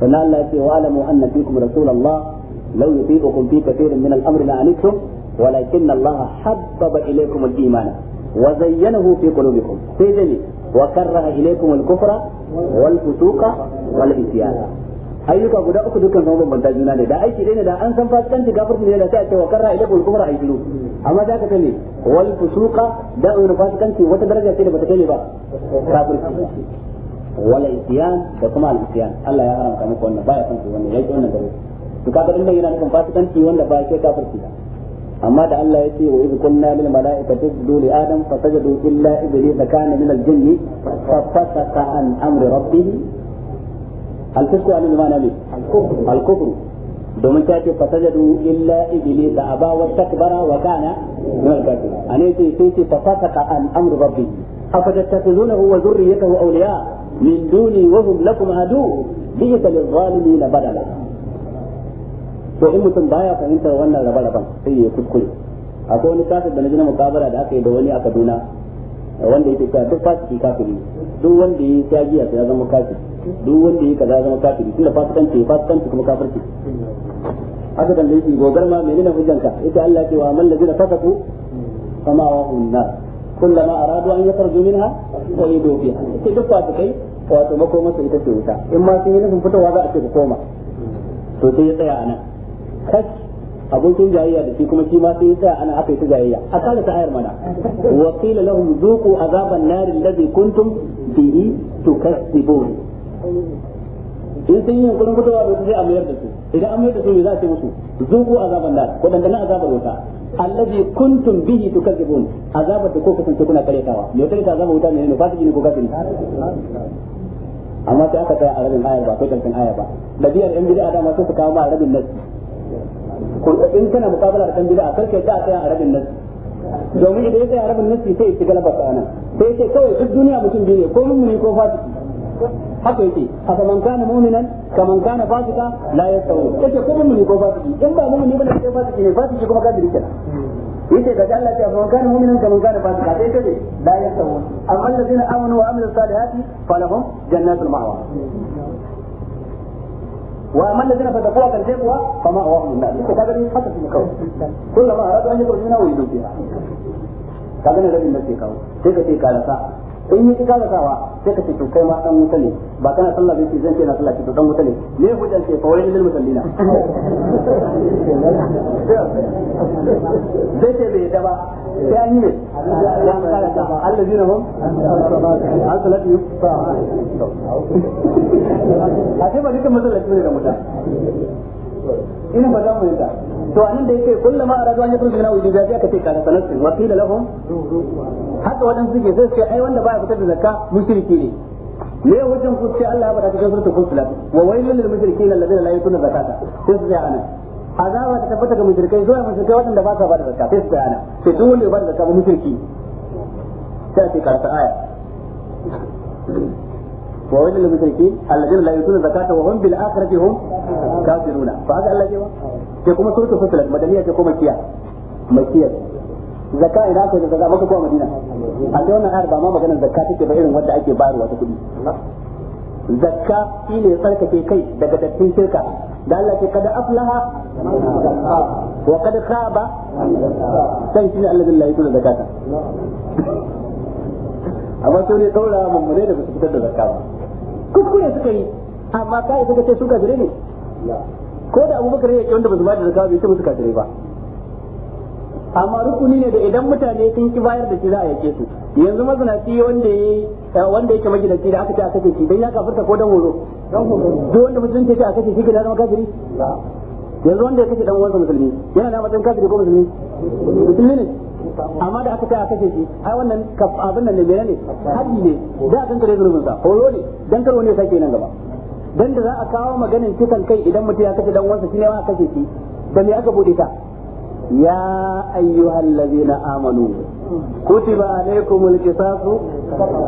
Speaker 1: sannan Allah ya ce wa alamu anna fikum rasulullah law yuti'ukum fi kathirin min al-amri la anittum walakin Allah habbaba ilaykum al-iman wa zayyanahu fi qulubikum sai wal wal ayyuka guda uku dukkan sun bambanta juna ne da aiki ɗaya ne da an san fasikanci kafirci ne da sai a ce wa karra ila kul kubra ayyulu amma za ka ta ne wal fusuqa da an fasikanci wata daraja ce da bata kai ne ba kafirci wala isyan da kuma al isyan Allah ya haramta muku wannan baya son ku wannan yake wannan gare to kaga din yana nufin fasikanci wanda ba ke kafirci ba amma da Allah ya ce wa idh kunna lil malaikati isjudu li adam fasajadu illa iblis kana min al jinni fafasaqa an amri rabbih al kufru an mana ne al kufru domin ta ce fasajadu illa iblis aba wa takbara wa kana min al kafirin ane ce sai ce fafasaqa an amri rabbih afatattakhizunahu wa dhurriyyatahu awliya min duni wa hum lakum adu bi lil zalimin badala to in mutum baya fahimtar wannan raba raban sai ya kuskure akwai wani kasar da na gina mukabara da aka yi da wani a Kaduna wanda yake cewa duk fasiki kafiri duk wanda ya yi giya ya zama kafiri duk wanda ya kaza zama kafiri tunda fasikanci fasikanci kuma kafirci aka tambaye shi gogar ma menene hujjanka yace Allah ke wa amal ladina fasaku kama wa hunna kullama aradu an yakhruju minha wa yudu fiha sai duk fasikai wato makomarsa ita ce wuta in ma sun yi nufin fitowa za a ce ku koma to sai ya tsaya a nan kash abokin jayayya da shi kuma shi ma sai ya tsaya ana aka yi ta jayayya a kare ta ayar mana wa qila lahum zuqu azaban nar alladhi kuntum bihi tukazzibun in sun yi yunkurin fitowa da sai a mayar da su idan an mayar da su me za a ce musu zuqu azaban nar ko dangana azabar wuta allazi kuntum bihi tukazzibun azabar da ko kasance kuna karetawa me kareta azabar wuta ne ne ji ne ko kafiri amma sai aka tsaya a rabin ayar ba ko tantan ayar ba da biyar yan bid'a da sai su kawo ma rabin nasi ko in kana mukabala da kan bid'a karka ya tsaya a rabin nasi domin idan ya tsaya a rabin nasi sai ya ci galaba kana sai ce kawai duk duniya mutum biyu ne ko mummuni ko fasiki haka yake haka man kana mu'minan ka man kana fasika la yasawu kace ko mummuni ko fasiki in ba mummuni ne sai fasiki ne fasiki kuma kafiri kenan yace ga Allah ta fa kana mu'minan ka mun kana kace amma alladheena amanu wa salihati falahum jannatul ma'wa wa amma alladheena kan kuwa fa min nar ko kaga ni kawo kullama aradu an wa yudu biha kaga ne sai sai in yi ka zatawa sai ka ce to kai ma dan wuta ne ba kana sallah bai zan ce na sallah to dan wuta ne me hujjar fawai musallina zai ce bai sai an yi ne ya ina ba za mu yi to anan da yake kullum a rajuwa ya furta na wujubi ya aka ce kana sanatin wa qila lahum haka wadan suke sai ce ai wanda baya fitar da zakka mushriki ne me wajen ku sai Allah ya bada cikin suratul fusilat wa wailul lil mushrikeena alladheena la yu'tuna zakata sai su ya anan azaba ta tabbata ga mushrikai zuwa mushrikai wadanda ba sa bada zakka sai su ya anan sai duk wanda ya bada zakka mushriki sai ce karanta aya wa wajen al-mushriki alladheena la yutuna Allah ya ce kuma suratul ka zakka maka ko madina a da wannan ayar ba ma maganar aka take ba irin wanda ake bayarwa ta kudi kai daga dattin shirka da Allah ke kada aflaha wa fitar kuskure suka yi amma ka isa ka ce su kafire ne ko da abubakar ya ce wanda ba su ba da bai ce musu kafire ba amma rukuni ne da idan mutane sun ki bayar da shi za a yake su yanzu mazinaci wanda ya eh, wanda yake magidanci da aka ce a kace shi dan ya kafirta ko dan horo duk wanda musulunci ce a kace shi gidan kafiri yanzu wanda ya kace dan uwansa musulmi yana da matan kafiri ko musulmi musulmi ne amma da aka tsaya kashe shi ai wannan abin nan ne mene ne haji ne da a tantare zurbin sa horo ne dan karwo ne sake nan gaba dan da za a kawo maganin kitan kai idan mutu ya kashe dan wansa shine wa kashe shi da me aka bude ta ya ayyuhan ladzina amanu kutiba alaikumul qisasu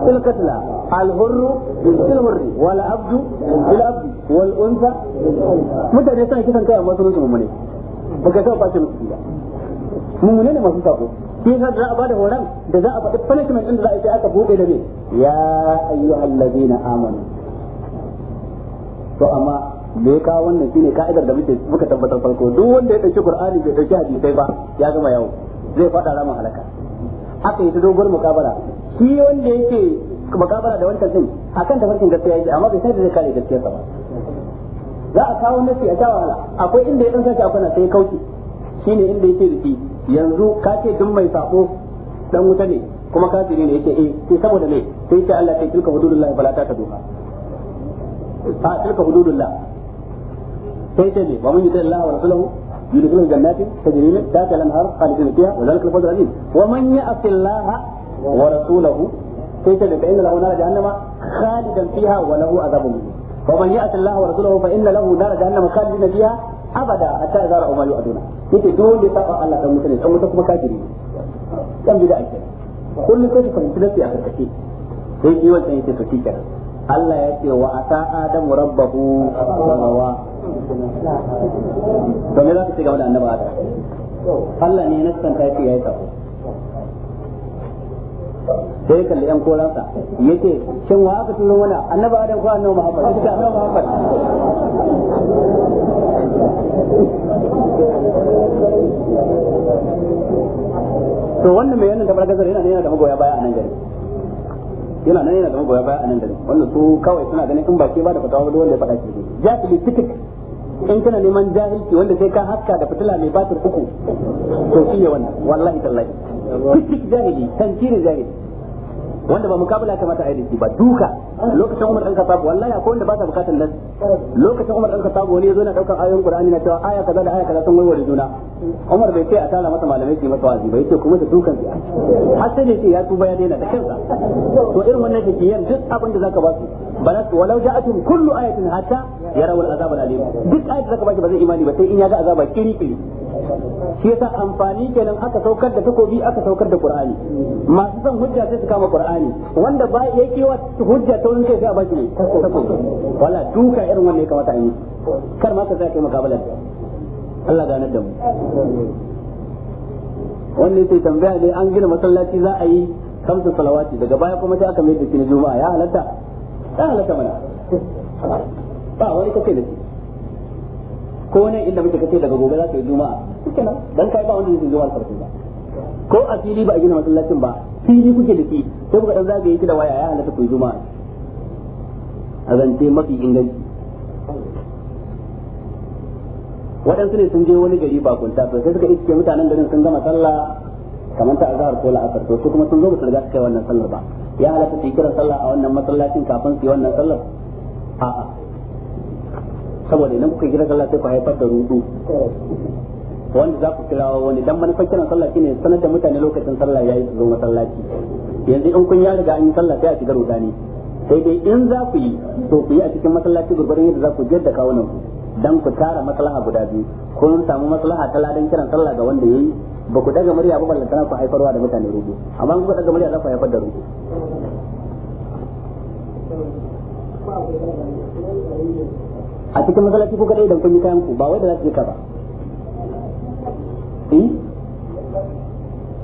Speaker 1: fil qatl al hurr bil hurr wal abd bil abd wal unsa mutane sai kitan kai amma sun mummune baka sauka shi mutum ba mummune ne masu sako shi yasa da za bada horon da za a faɗi punishment din da za a yi aka buɗe da me ya to amma me kawo wannan shine ka'idar da muke muka tabbatar farko duk wanda ya dauki qur'ani bai dauki hadisai ba ya gama yawo zai fada rama halaka haka yi ta dogon mukabara shi wanda yake mukabara da wancan din akan tafarkin gaskiya yake amma bai sai da zai kare gaskiya ba za a kawo nasi a ta akwai inda ya dan sace akwai na sai kauce shine inda yake da shi yanzu ka ce duk mai sako dan wuta ne kuma ne eh sai saboda me sai ce Allah sai tilka ta tilka hududullah sai ce ne Allah wa tajri min tahtiha al-anhar khalidin fiha wa dhalika al azim wa man Allah wa sai ce inna lahu jahannama khalidan fiha wa lahu adhabun man Allah wa fa inna lahu jahannama khalidin fiha abada a idza ra'u ma a yace duk wanda ya saba Allah dan mutane mutum kuma kafiri kan bid'a ake kullum sai su fahimci a karkace sai shi wancan yace to kike Allah ya ce wa ata adamu rabbahu wa to me za ka ce game da annabi Allah ne sako sai ya kalli yan koransa ce shin wa aka turo mana annaba adam ko annabi muhammad suka annabi muhammad to wannan mai wannan tabar gazar yana ne yana da magoya baya a nan gari yana nan yana da magoya baya a nan gari wannan su kawai suna ganin in ba ke ba da fatawa ba dole ya faɗa ke jahili titik in kana neman jahilci wanda sai ka haska da fitila mai batir uku to shi ne wannan wallahi tallahi duk jahili tantirin jahili wanda ba mukabala kamata a yi da shi ba duka lokacin Umar dan Khattab wallahi akwai wanda ba ta bukatar nan lokacin Umar dan Khattab wani yazo na daukar ayoyin Qur'ani na cewa aya kaza da aya kaza sun warware juna Umar bai ce a tara masa malamai su masa wazi bai ce kuma da dukan ya har sai ne ya tuba ya daina da kansa to irin wannan shakiyan duk abin da zaka ba su balas walau ja'atun kullu ayatin hatta yarawul azab alim duk ayat da zaka ba shi ba zai imani ba sai in ya ga azaba kiri kiri shi yasa amfani kenan aka saukar da takobi aka saukar da qur'ani masu son hujja sai su kama qur'ani wanda ba ya kewa hujja ta wurin kai sai a baki ne wala duka irin wannan ya kamata a yi kar ma ka sai kai mukabalar Allah nan da mu wannan sai tambaya ne an gina masallaci za a yi kamsu salawati daga baya kuma sai aka mai da shi juma'a ya halatta ya halatta mana ba wani kake da shi ko ne inda muke kace daga gobe za ka yi juma'a nan dan kai ba wanda zai juma'a farko ba ko a fili ba a gina masallacin ba fili kuke da shi sai kuka dan zagaye ki da waya ya halatta ku juma'a a zance mafi inganci waɗansu ne sun je wani gari ba kunta to sai suka iske mutanen garin sun gama sallah kamar ta azhar ko la'asar to su kuma sun zo ba su riga su kai wannan sallar ba ya halatta su yi kiran sallah a wannan masallacin kafin su yi wannan sallar a'a saboda idan kuka kira sallah sai ku haifar da rudu wanda za ku kira wani dan manufar kiran sallah shine sanar da mutane lokacin sallah yayi zo masallaci yanzu in kun ya riga an yi sallah sai a shiga ne sai dai in za ku yi to ku yi a cikin masallaci gurgurdan yadda za ku jiyar da kawunan ku dan ku tara maslaha guda biyu kun samu maslaha ta ladan kiran sallah ga wanda yayi ba ku daga murya ba ballantana ku haifarwa da mutane rudu amma ku daga murya za ku haifar da rudu
Speaker 3: Thank you.
Speaker 1: a cikin masalaci ko kadai idan kun yi kayan ku ba wai da za su yi ka ba eh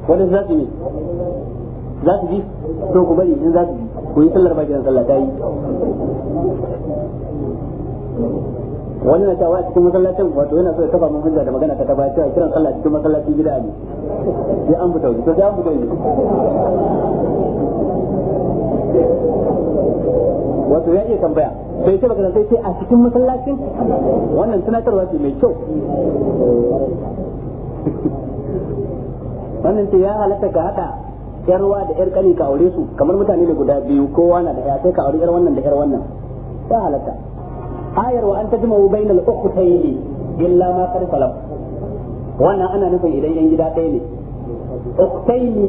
Speaker 1: wanda za su yi za su ji to ku bari in za su ku yi sallar bakin sallah ta yi wani na cewa a cikin masallacin wato yana so ya kafa mun hujja da magana ta gaba cewa kiran sallah cikin masallaci gida ne sai an fita to sai an fita waje wato ya iya tambaya bai ce baka sai a cikin masallacin wannan tunatarwa ce mai kyau wannan ce ya halatta ga haka yar da yar kani ka aure su kamar mutane ne guda biyu kowa na da ya sai ka aure yar wannan da yar wannan ya halatta ayar wa an tajma'u bainal ukhtayni illa ma qad salaf wannan ana nufin idan yan gida ɗaya ne ukhtayni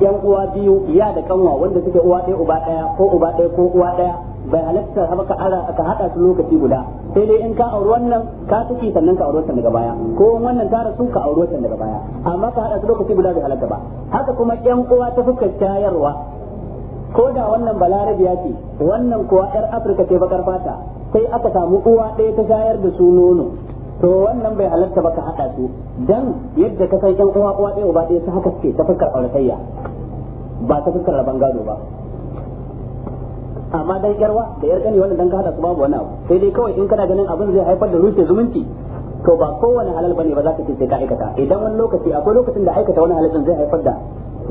Speaker 1: yan uwa biyu ya da kanwa wanda suke uwa ɗaya uba ɗaya ko uba ɗaya ko uwa ɗaya bai halatta haka ara ka hada su lokaci guda sai dai in ka auri wannan ka saki sannan ka auri wannan daga baya ko wannan ta rasu ka auri wannan daga baya amma ka hada su lokaci guda bai halatta ba haka kuma yan uwa ta fuskar tayarwa ko da wannan balarabiya ce wannan kuwa yar afirka ce bakar fata sai aka samu uwa ɗaya ta shayar da su nono to wannan bai halatta ba ka haɗa su dan yadda ka sai ɗan uwa uwa ɗaya uba ɗaya ta haka suke ta fuskar auratayya ba ta fuskar rabon gado ba amma dai yarwa da yar gani wannan dan ka haɗa su babu wani abu sai dai kawai in kana ganin abin zai haifar da rushe zumunci to ba kowane halal bane ba za ka ce sai ka aikata idan wani lokaci akwai lokacin da aikata wani halal zai haifar da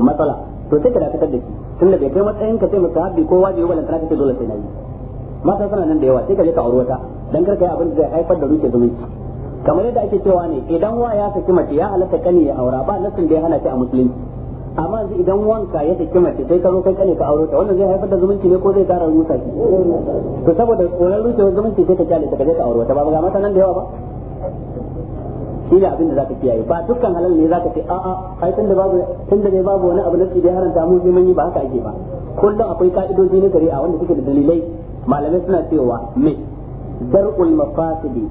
Speaker 1: matsala to sai ka dakatar da shi da bai kai matsayin ka sai mustahabbi ko waje ba lantana ka ce dole sai na yi mata suna nan da yawa sai ka je ka aure wata dan kar kai abin da zai haifar da ruke zumunci kamar yadda ake cewa ne idan wa ya saki mace ya halatta kani ya aura ba nasin da ya hana shi a musulunci amma yanzu idan wanka ya saki mace sai ka zo kai kane ka aure ta wannan zai haifar da zumunci ne ko zai tara rusa ki to saboda koran wannan zumunci sai ka kyale ta kaje ka aure ta ba ga mata nan da yawa ba shi ne abin da zaka kiyaye ba dukkan halal ne zaka ce a'a kai tunda babu tunda ne babu wani abu na ke da haranta mu sai manyi ba haka ake ba kullum akwai ka'idoji na gari a wanda suke da dalilai malamai suna cewa me dar'ul mafasidi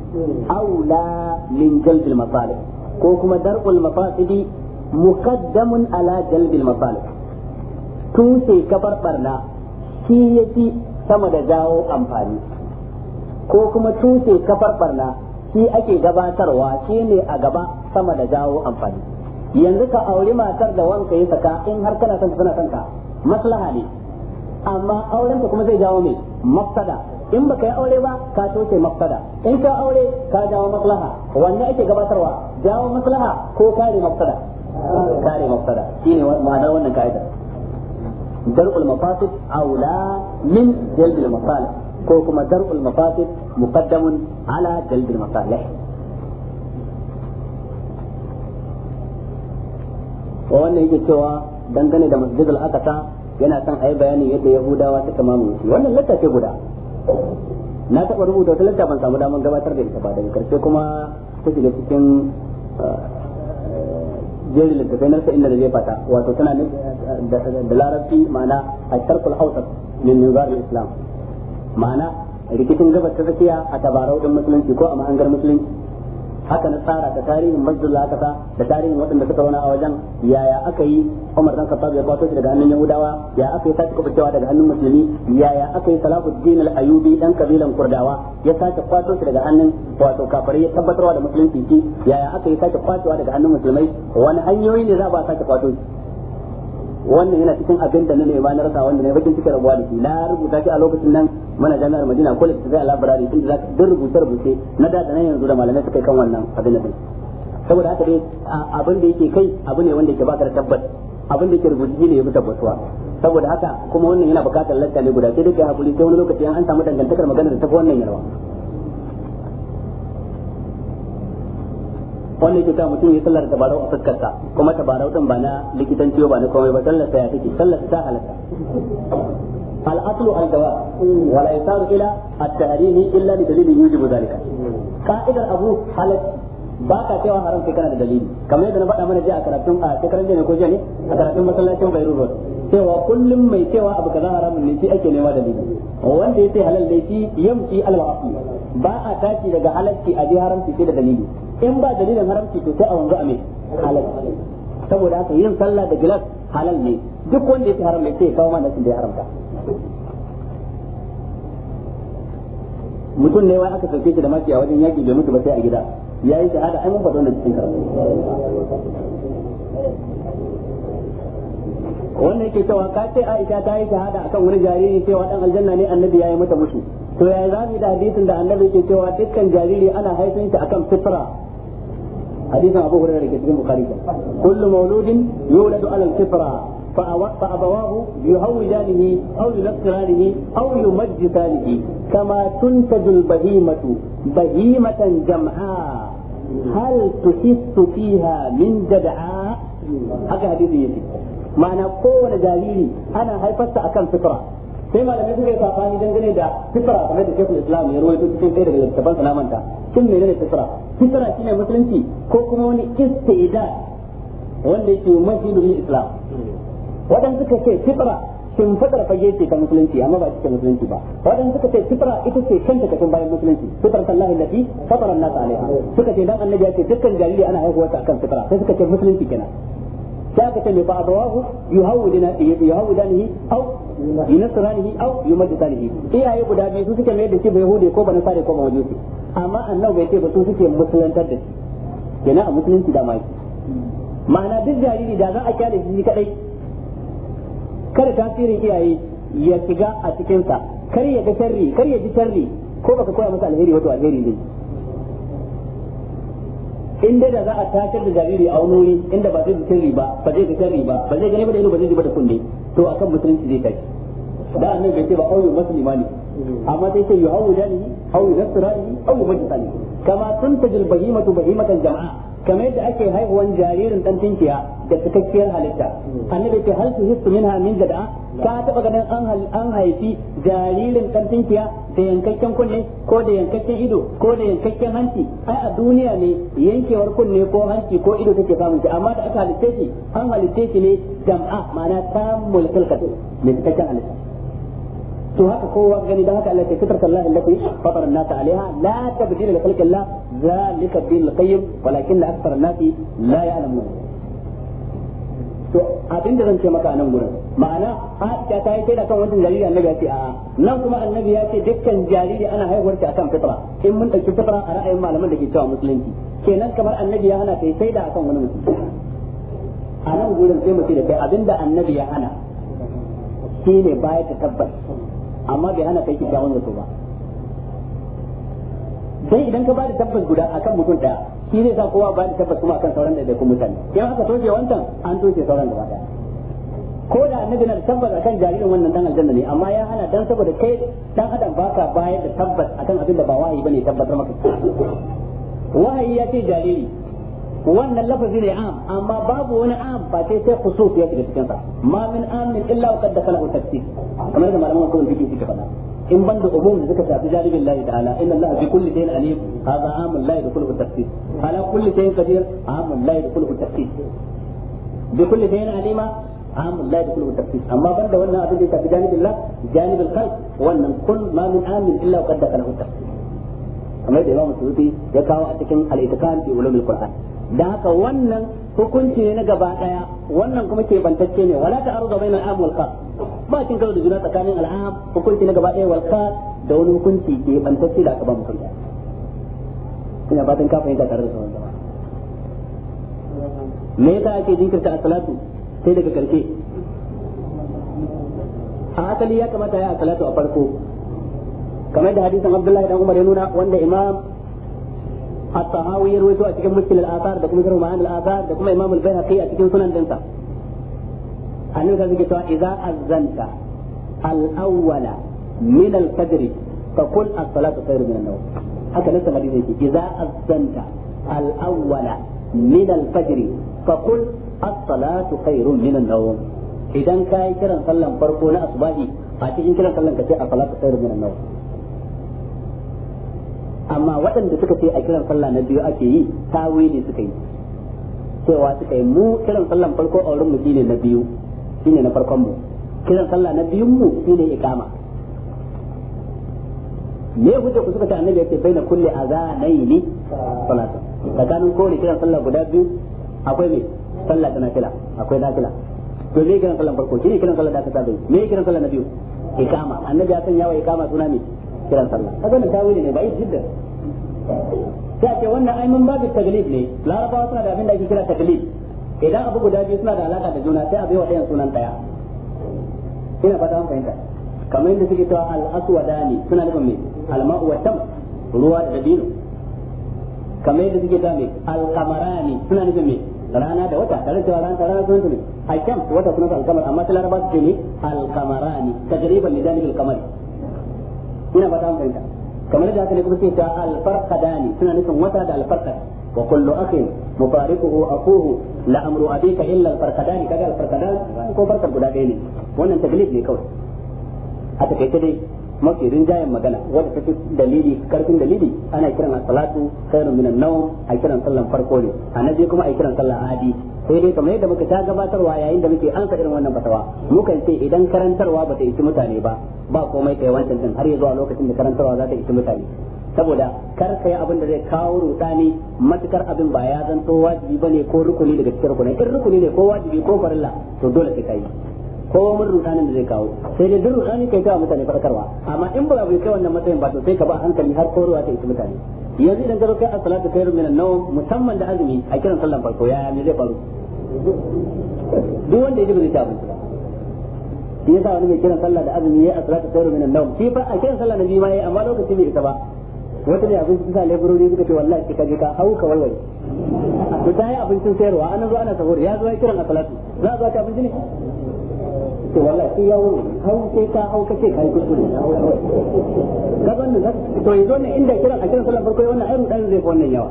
Speaker 1: aula min jalbil masalih ko kuma dar'ul mafasidi muqaddamun ala jalbil masalih tushe kafar barna shi yafi sama da jawo amfani ko kuma tushe kafar barna shi ake gabatarwa shi ne a gaba sama da jawo amfani yanzu ka auri matar da wanka ya saka in har kana son kana son ka maslaha ne amma auren ka kuma zai jawo mai mafsada in ka yi aure ba ka toshe mafsada in ka aure ka jawo maslaha wanne ake gabatarwa jawo maslaha ko kare mafsada kare mafsada shine ma'anar wannan ka'ida dar'ul mafasid aula min jalbil masalih ko kuma dar'ul mafasid muqaddamun ala jalbil masalih wa wannan yake cewa dangane da masjidul aqsa yana son a yi bayanin yadda yahudawa suka mamaye shi wannan littafi guda na taɓa rubuta wata littafi ban samu damar gabatar da ita ba daga karshe kuma ta shiga cikin uh, jerin littafai na inda da zai fata wato tana da larabci ma'ana a sharkul hausa min nizar islam ma'ana rikicin gabas ta tsakiya a tabarau din musulunci ko a mahangar musulunci haka na tsara da tarihin masjidul aqsa da tarihin waɗanda suka rona a wajen yaya aka yi Umar dan Khattab ya kwato shi daga hannun Yahudawa ya aka yi sace kubutawa daga hannun musulmi yaya aka yi Salahuddin al ayubi dan kabilan Kurdawa ya sace kwato shi daga hannun wato kafirai ya tabbatarwa da musulunci shi yaya aka yi sace kwatowa daga hannun musulmai wani hanyoyi ne za ba sace kwato shi wannan yana cikin abin da na ne ba na rasa wanda ne bakin cikin rabuwa da shi na rubuta shi a lokacin nan mana jami'ar Madina ko da zai da za ka duk rubuce rubuce na da nan yanzu da malamai suka kan wannan abin da saboda haka dai abin da yake kai abu ne wanda yake baka da tabbas abin da yake rubuce ne yafi tabbatuwa saboda haka kuma wannan yana bukatar lakka ne guda sai dai kai hakuri sai wani lokaci an samu dangantakar magana da tafi wannan yarwa wannan yake ta mutum ya sallar tabarau a fuskarsa kuma tabarau din ba na likitanci ba na komai ba sallar sa ya take sallar ta halatta الأصل الجواز ولا يصار إلى التحريم إلا لدليل يوجب ذلك قائد أبو حالة ba ka cewa haram kana da dalili kamar yadda na a mana jiya a karatun a shekaran jiya ne ko jiya a karatun cewa kullum mai cewa abu kaza haramun ne shi ake nema dalili wanda ya ce halal ne shi yamki alwafi ba a tashi daga halalci a je haramci sai da dalili in ba dalilin haramci to sai a wanzu a me halal saboda haka yin sallah da gilas halal ne duk wanda ya haram ne sai kawo ma nasin da ya haramta mutum ne wai aka sauke shi da maki a wajen yaki bai mutu ba sai a gida ya yi shahada ai mun faɗo na cikin karatu wannan yake cewa ka ce Aisha ta yi shahada akan wani jariri cewa dan aljanna ne annabi ya yi mata musu to yaya za mu da hadisin da annabi yake cewa dukkan jariri ana haifin shi akan fitra حديث أبو هريرة كتبين البخاري كل مولود يولد على الفطرة فأبواه يهودانه أو يذكرانه أو يمجسانه كما تنتج البهيمة بهيمة جمعاء هل تحس فيها من جدعاء هذا حديث يجي معنى قول جاليلي أنا هيفتح أكل فطرة sai malamai suka yi safani dangane da kisra kamar da shekul islam ya ruwaito cikin ɗaya daga littafansa na manta shin menene kisra kisra shine musulunci ko kuma wani istida wanda yake masjidu lil islam wadan suka ce kisra shin fadar fage ce ta musulunci amma ba cikin musulunci ba wadan suka ce kisra ita ce kanta kafin bayan musulunci fitar sallahu alaihi fatara an-nas alaiha suka ce dan annabi ya ce dukkan jariri ana haihuwa ta kan fitra sai suka ce musulunci kenan da ka ce fa abawahu yuhawidina au aw yunasranihi aw yumajjisanihi iyaye guda biyu su suke mai da shi ba yahudi ko ba nasare ko ba majusi amma annabi bai ce ba su suke musulantar da shi kenan a musulunci da maki ma'ana duk jariri da za a kyale shi kadai kada tasirin iyaye ya shiga a cikinsa kar ya ga sharri kar ya ji sharri ko baka koya masa alheri wato alheri ne in dai da za a takar da jariri a wani inda ba zai cikin riba ba zai cikin riba ba zai gani ba da ido ba zai ji ba da kunne to akan musulunci zai tashi da annabi bai ce ba auyu musulma ne amma sai ce yuhawu janihi au yusrani au majsani kama tuntajil bahimatu bahimatan jama'a kamar yadda ake haihuwan jaririn dan tinkiya da cikakkiyar halitta annabi ce hal tuhissu minha min jada'a ka taba ganin an an haifi jaririn dan tinkiya da yankakken kunne ko da yankakken ido ko da yankakken hanci ai a duniya ne yankewar kunne ko hanci ko ido take samun ki amma da aka halitta shi an halitta shi ne jama'a ma'ana tamul khalqat min cikakken halitta to haka kowa gani dan haka Allah ya fitar sallahi allati fatara an-nas alaiha la tabdila li khalqi Allah zalika bil qayyim walakin akthar an-nas la ya'lamun to abinda zan ce maka nan gurin ma'ana ha Aisha ta yi shaida kan wannan jariri annabi ya ce a nan kuma annabi ya ce dukkan jariri ana haihuwar ta akan fitra in mun dauki fitra a ra'ayin malaman da ke cewa musulunci kenan kamar annabi ya hana kai da akan wani musulunci a nan gurin sai mu ce da kai abinda annabi ya hana shine baya ta tabbas amma bai hana kai kyakkyawan zato ba sai idan ka bada tabbas guda akan mutum daya shi zai sa kowa bada tabbas kuma akan sauran da kuma mutane yan aka toshe wancan an toshe sauran gaba daya ko da annabi na da tabbas akan jaririn wannan dan aljanna ne amma ya hana dan saboda kai dan adam baka bayar da tabbas akan abin da ba wahayi bane tabbatar maka wahayi ya ce jariri wannan lafazi ne am amma babu wani am ba sai sai khusus ya shiga cikin sa ma min amin illa wa qad dakhala tafsir kamar da malaman kawai fiqh suka faɗa in ban da umum da suka shafi jaribin lahi ta'ala inna allaha bi kulli shay'in alim hadha amul lahi da kullu tafsir ala kulli shay'in qadir amul lahi da kullu tafsir bi kulli shay'in alima amul lahi da kullu tafsir amma ban da wannan abin da ya shafi jaribin lahi jaribin khalq wannan kun ma min amin illa wa qad dakhala tafsir kamar da Imam Suyuti ya kawo a cikin al-Itqan fi ulumul Qur'an dan haka wannan hukunci ne na gaba daya wannan kuma ke bantacce ne wala ta'arudu bainal am wal khas ba kin karo da juna tsakanin al-am hukunci na gaba daya wal khas da wani hukunci ke bantacce da aka ba mutum ina fatan ka fahimta tare da sauran me yasa ake jinkirta a salatu sai daga karshe a asali ya kamata ya a salatu a farko kamar da hadisin Abdullahi dan Umar ya nuna wanda Imam at-Tahawi ya rawaito a cikin Mushkil al da kuma Sharh Ma'an al da kuma Imam al a cikin Sunan dinsa annabi sai yake cewa idza azzanta al-awwala min al-fajr fa qul as-salatu khairun min an-nawm haka nan sama dinin yake idza azzanta al-awwala min al kai a cikin ka amma waɗanda suka ce a kiran sallah na biyu ake yi tawili suka yi cewa suka yi mu kiran sallan farko a wurin mu shine na biyu shine na farkon mu kiran sallah na biyun mu shine ikama me hujja ku suka ce annabi yake baina kulli azanaini salatu tsakanin kowane kiran sallah guda biyu akwai me sallah ta nafila akwai nafila to me kiran sallan farko shine kiran sallah da aka saba me kiran sallah na biyu ikama annabi ya sanya wa ikama suna me kiran sallah kaga wannan tawili ne bai jidda ta ce wannan ai mun babu taglib ne larabawa suna da abin da ake kira taglib idan abu guda biyu suna da alaka da juna sai a bai wa ɗayan sunan daya ina fata an fahimta kamar yadda suke cewa al-aswadani suna nufin me al-ma'u wa tam ruwa da dabino kamar yadda suke cewa me al-qamarani suna nufin me rana da wata tare da rana tare rana sun tuni hakam wata sunan al amma sai larabawa suke ne al-qamarani tajriban li janib qamari ina fata mun fahimta kamar da haka ne kuma sai ta alfarqadani suna nufin wata da alfarqad wa kullu akhin mufariquhu akuhu la amru abika illa alfarqadani kaga alfarqadan ko farkar guda ɗaya ne wannan taglib ne kawai a takaice dai mafi rinjayen magana wanda ta dalili karfin dalili ana kiran a salatu khairun minan nawm a kiran sallan farko ne annabi kuma a kiran sallan ahadi sai dai kamar yadda muka ta gabatarwa yayin da muke ansa irin wannan mu mukan ce idan karantarwa ba ta isi mutane ba ba komai kai wancan din har zuwa lokacin da karantarwa za ta isi mutane saboda kar ka yi abin da zai kawo rudani matukar abin ba ya zanto wajibi bane ko rukuni daga cikin rukuni in rukuni ne ko wajibi ko farilla to dole sai ka yi ko mun rudanin da zai kawo sai dai duk rudani kai kawo mutane fadakarwa amma in ba bai kai wannan matsayin ba to sai ka ba hankali har koruwa ta ita mutane yanzu idan ka zo kai as-salatu khairu minan nawm musamman da azumi a kiran sallan farko yaya me zai faru duk wanda ya ji bai ta ba shi yasa wani mai kiran sallah da azumi ya as-salatu min an nawm shi fa a kiran sallah nabi ma yayi amma lokaci bai isa ba wata ne abinci ta leburori suka ce wallahi kika je ka hauka walwai to ta yi abincin sayarwa an zo ana sahur ya zo kiran as-salatu za a zo ka abinci ne ce wallahi sai ya wuri hau sai ka hau ka kace kai kuskure gaban nan to yanzu ne inda kiran a kiran sallar farko wannan ai dan zai wannan yawa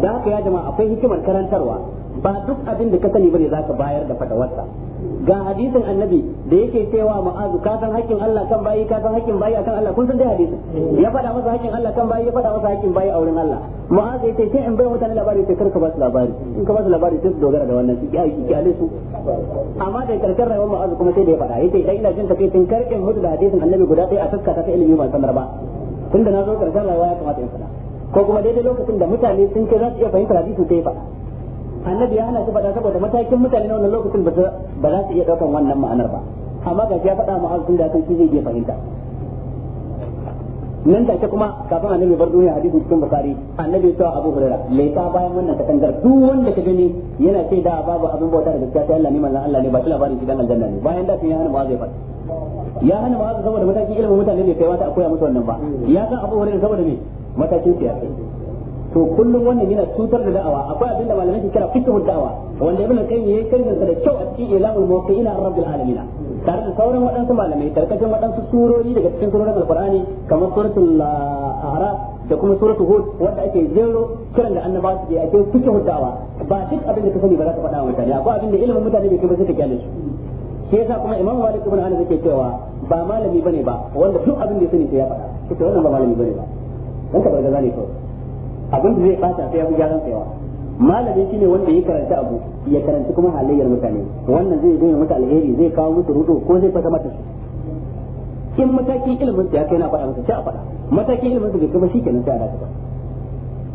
Speaker 1: da haka ya jama'a akwai hikimar karantarwa ba duk abin da ka sani bane zaka bayar da fadawarsa ga hadisin annabi da yake cewa ma'azu ka san hakkin Allah kan bayi ka san hakkin bayi akan Allah kun san dai hadisin ya faɗa masa hakkin Allah kan bayi ya faɗa masa hakkin bayi a wurin Allah ma'azu yake ce in bai mutane labari sai karka ba su labari in ka ba su labari sai su dogara da wannan ki aiki ki su amma da karkar rayuwar ma'azu kuma sai da ya faɗa yake dai ina jin takaitin karkin hudu da hadisin annabi guda ɗaya a taskata ta ilimi ba sanar ba tunda na zo karkar rayuwa ya kamata in faɗa ko kuma daidai lokacin da mutane sun ce za su iya fahimtar hadisin sai faɗa annabi ya hana shi faɗa saboda matakin mutane na wannan lokacin ba ba za su iya ɗaukan wannan ma'anar ba amma ga ya faɗa mu tun da kan zai iya fahimta nan take kuma kafin annabi bar duniya hadisi cikin bukari annabi ya Abu Hurairah leka bayan wannan katangar duk wanda ka gani yana ce da babu abin bauta da gaskiya sai Allah ne mallan Allah ne ba shi labarin dan aljanna ne bayan da ya hana ma'az zai faɗa ya hana ma'az saboda matakin ilimin mutane ne kai wata akwai musu wannan ba ya san Abu Hurairah saboda me matakin siyasa to kullum wannan yana cutar da da'awa akwai abin da malamai ke kira fiqhul da'awa wanda ibn al-qayyim yayi karin da kyau a cikin ilamul muwaqqi'ina rabbil alamin tare da sauran waɗansu malamai tarkacin waɗansu surori daga cikin surorin alqur'ani kamar suratul ah, a'raf da kuma suratul hud wanda ake jero kiran da annabawa su ake fiqhul da'awa ba duk abin da ka sani ba za ka faɗa wa mutane akwai abin da ilimin mutane bai kai ba sai ka kyale shi shi yasa kuma imam malik ibn anas yake cewa ba malami bane ba wanda duk abin da ya sani sai ya faɗa kace wannan ba malami bane ba dan ka bargaza ne kawai abin da zai fata sai ya fi gyaran tsayawa malami shine wanda ya karanta abu ya karanta kuma halayyar mutane wannan zai zai mutu alheri zai kawo mutu rudo ko zai fata mata in mataki ilimin ya kai na faɗa masa sai a faɗa mataki ilimin su bai kuma ba kenan sai a dace ba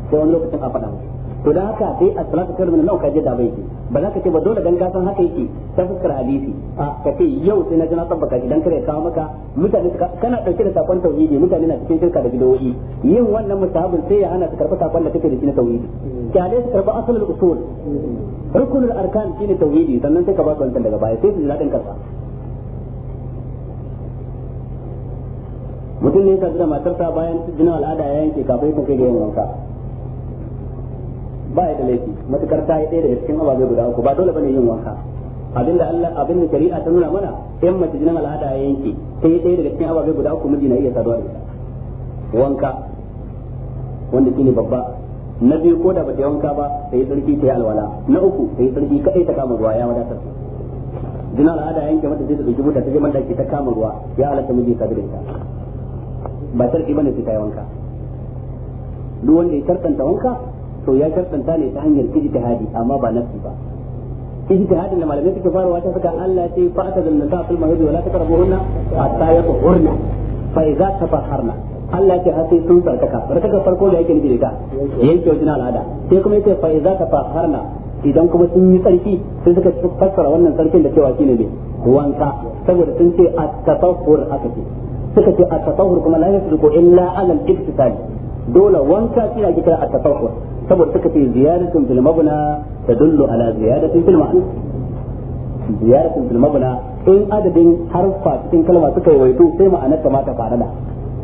Speaker 1: sai wani lokacin a faɗa masa to da haka dai a salatu kar min nauka jidda bai ce ba za ka ce ba dole dan gasan haka yake ta fuskar hadisi a ka ce yau sai na ji na tabbata idan kare kawo maka mutane kana dauke da sakon tauhidi mutane na cikin shirka da bidoyi yin wannan musahabin sai ya hana su karɓi sakon da kake da shi na tauhidi kyale su karɓi asalul usul rukunul arkan shine tauhidi sannan sai ka ba su wancan daga baya sai su ji daɗin karɓa mutum ne ya sa da matarsa bayan jinin al'ada ya yanke kafin kun kai da yin wanka ba ya da laifi matukar ta yi ɗaya daga cikin ababe guda uku ba dole bane yin wanka abinda Allah abinda shari'a ta nuna mana in mace jinin al'ada ya yanke ta yi ɗaya daga cikin ababe guda uku miji na iya saduwa da ita wanka wanda shine babba na biyu ko da bata wanka ba yi sarki ta yi alwala na uku yi sarki kaɗai ta kama ruwa ya wadatar jinin al'ada ya yanke mata sai ta dauki mota ta je mataki ta kama ruwa ya halatta miji ta da ita ba sarki bane sai ta yi wanka duk wanda ya tarkanta wanka to ya karkanta ne ta hanyar ijtihadi amma ba nafsi ba ijtihadin da malamai suka farawa ta saka Allah ya ce fa ta zanna ta fil mahdi wala taqrabuhunna hatta yatahurna fa idza tafaharna Allah ya ce har sai sun tsarkaka tsarkaka farko da yake nufi da yanke wajen al'ada sai kuma yace fa idza tafaharna idan kuma sun yi tsarki sai suka fassara wannan tsarkin da cewa shine ne wanka saboda sun ce at-tatahhur ce suka ce at-tatahhur kuma la yasduqu illa ala al dole wanka shi ake kira at-tatawwur saboda suka ce ziyaratun fil mabna tadullu ala ziyadatin fil ma'na ziyaratun fil mabna in adadin harfa cikin kalma suka yawaito sai ma'anar ta mata farada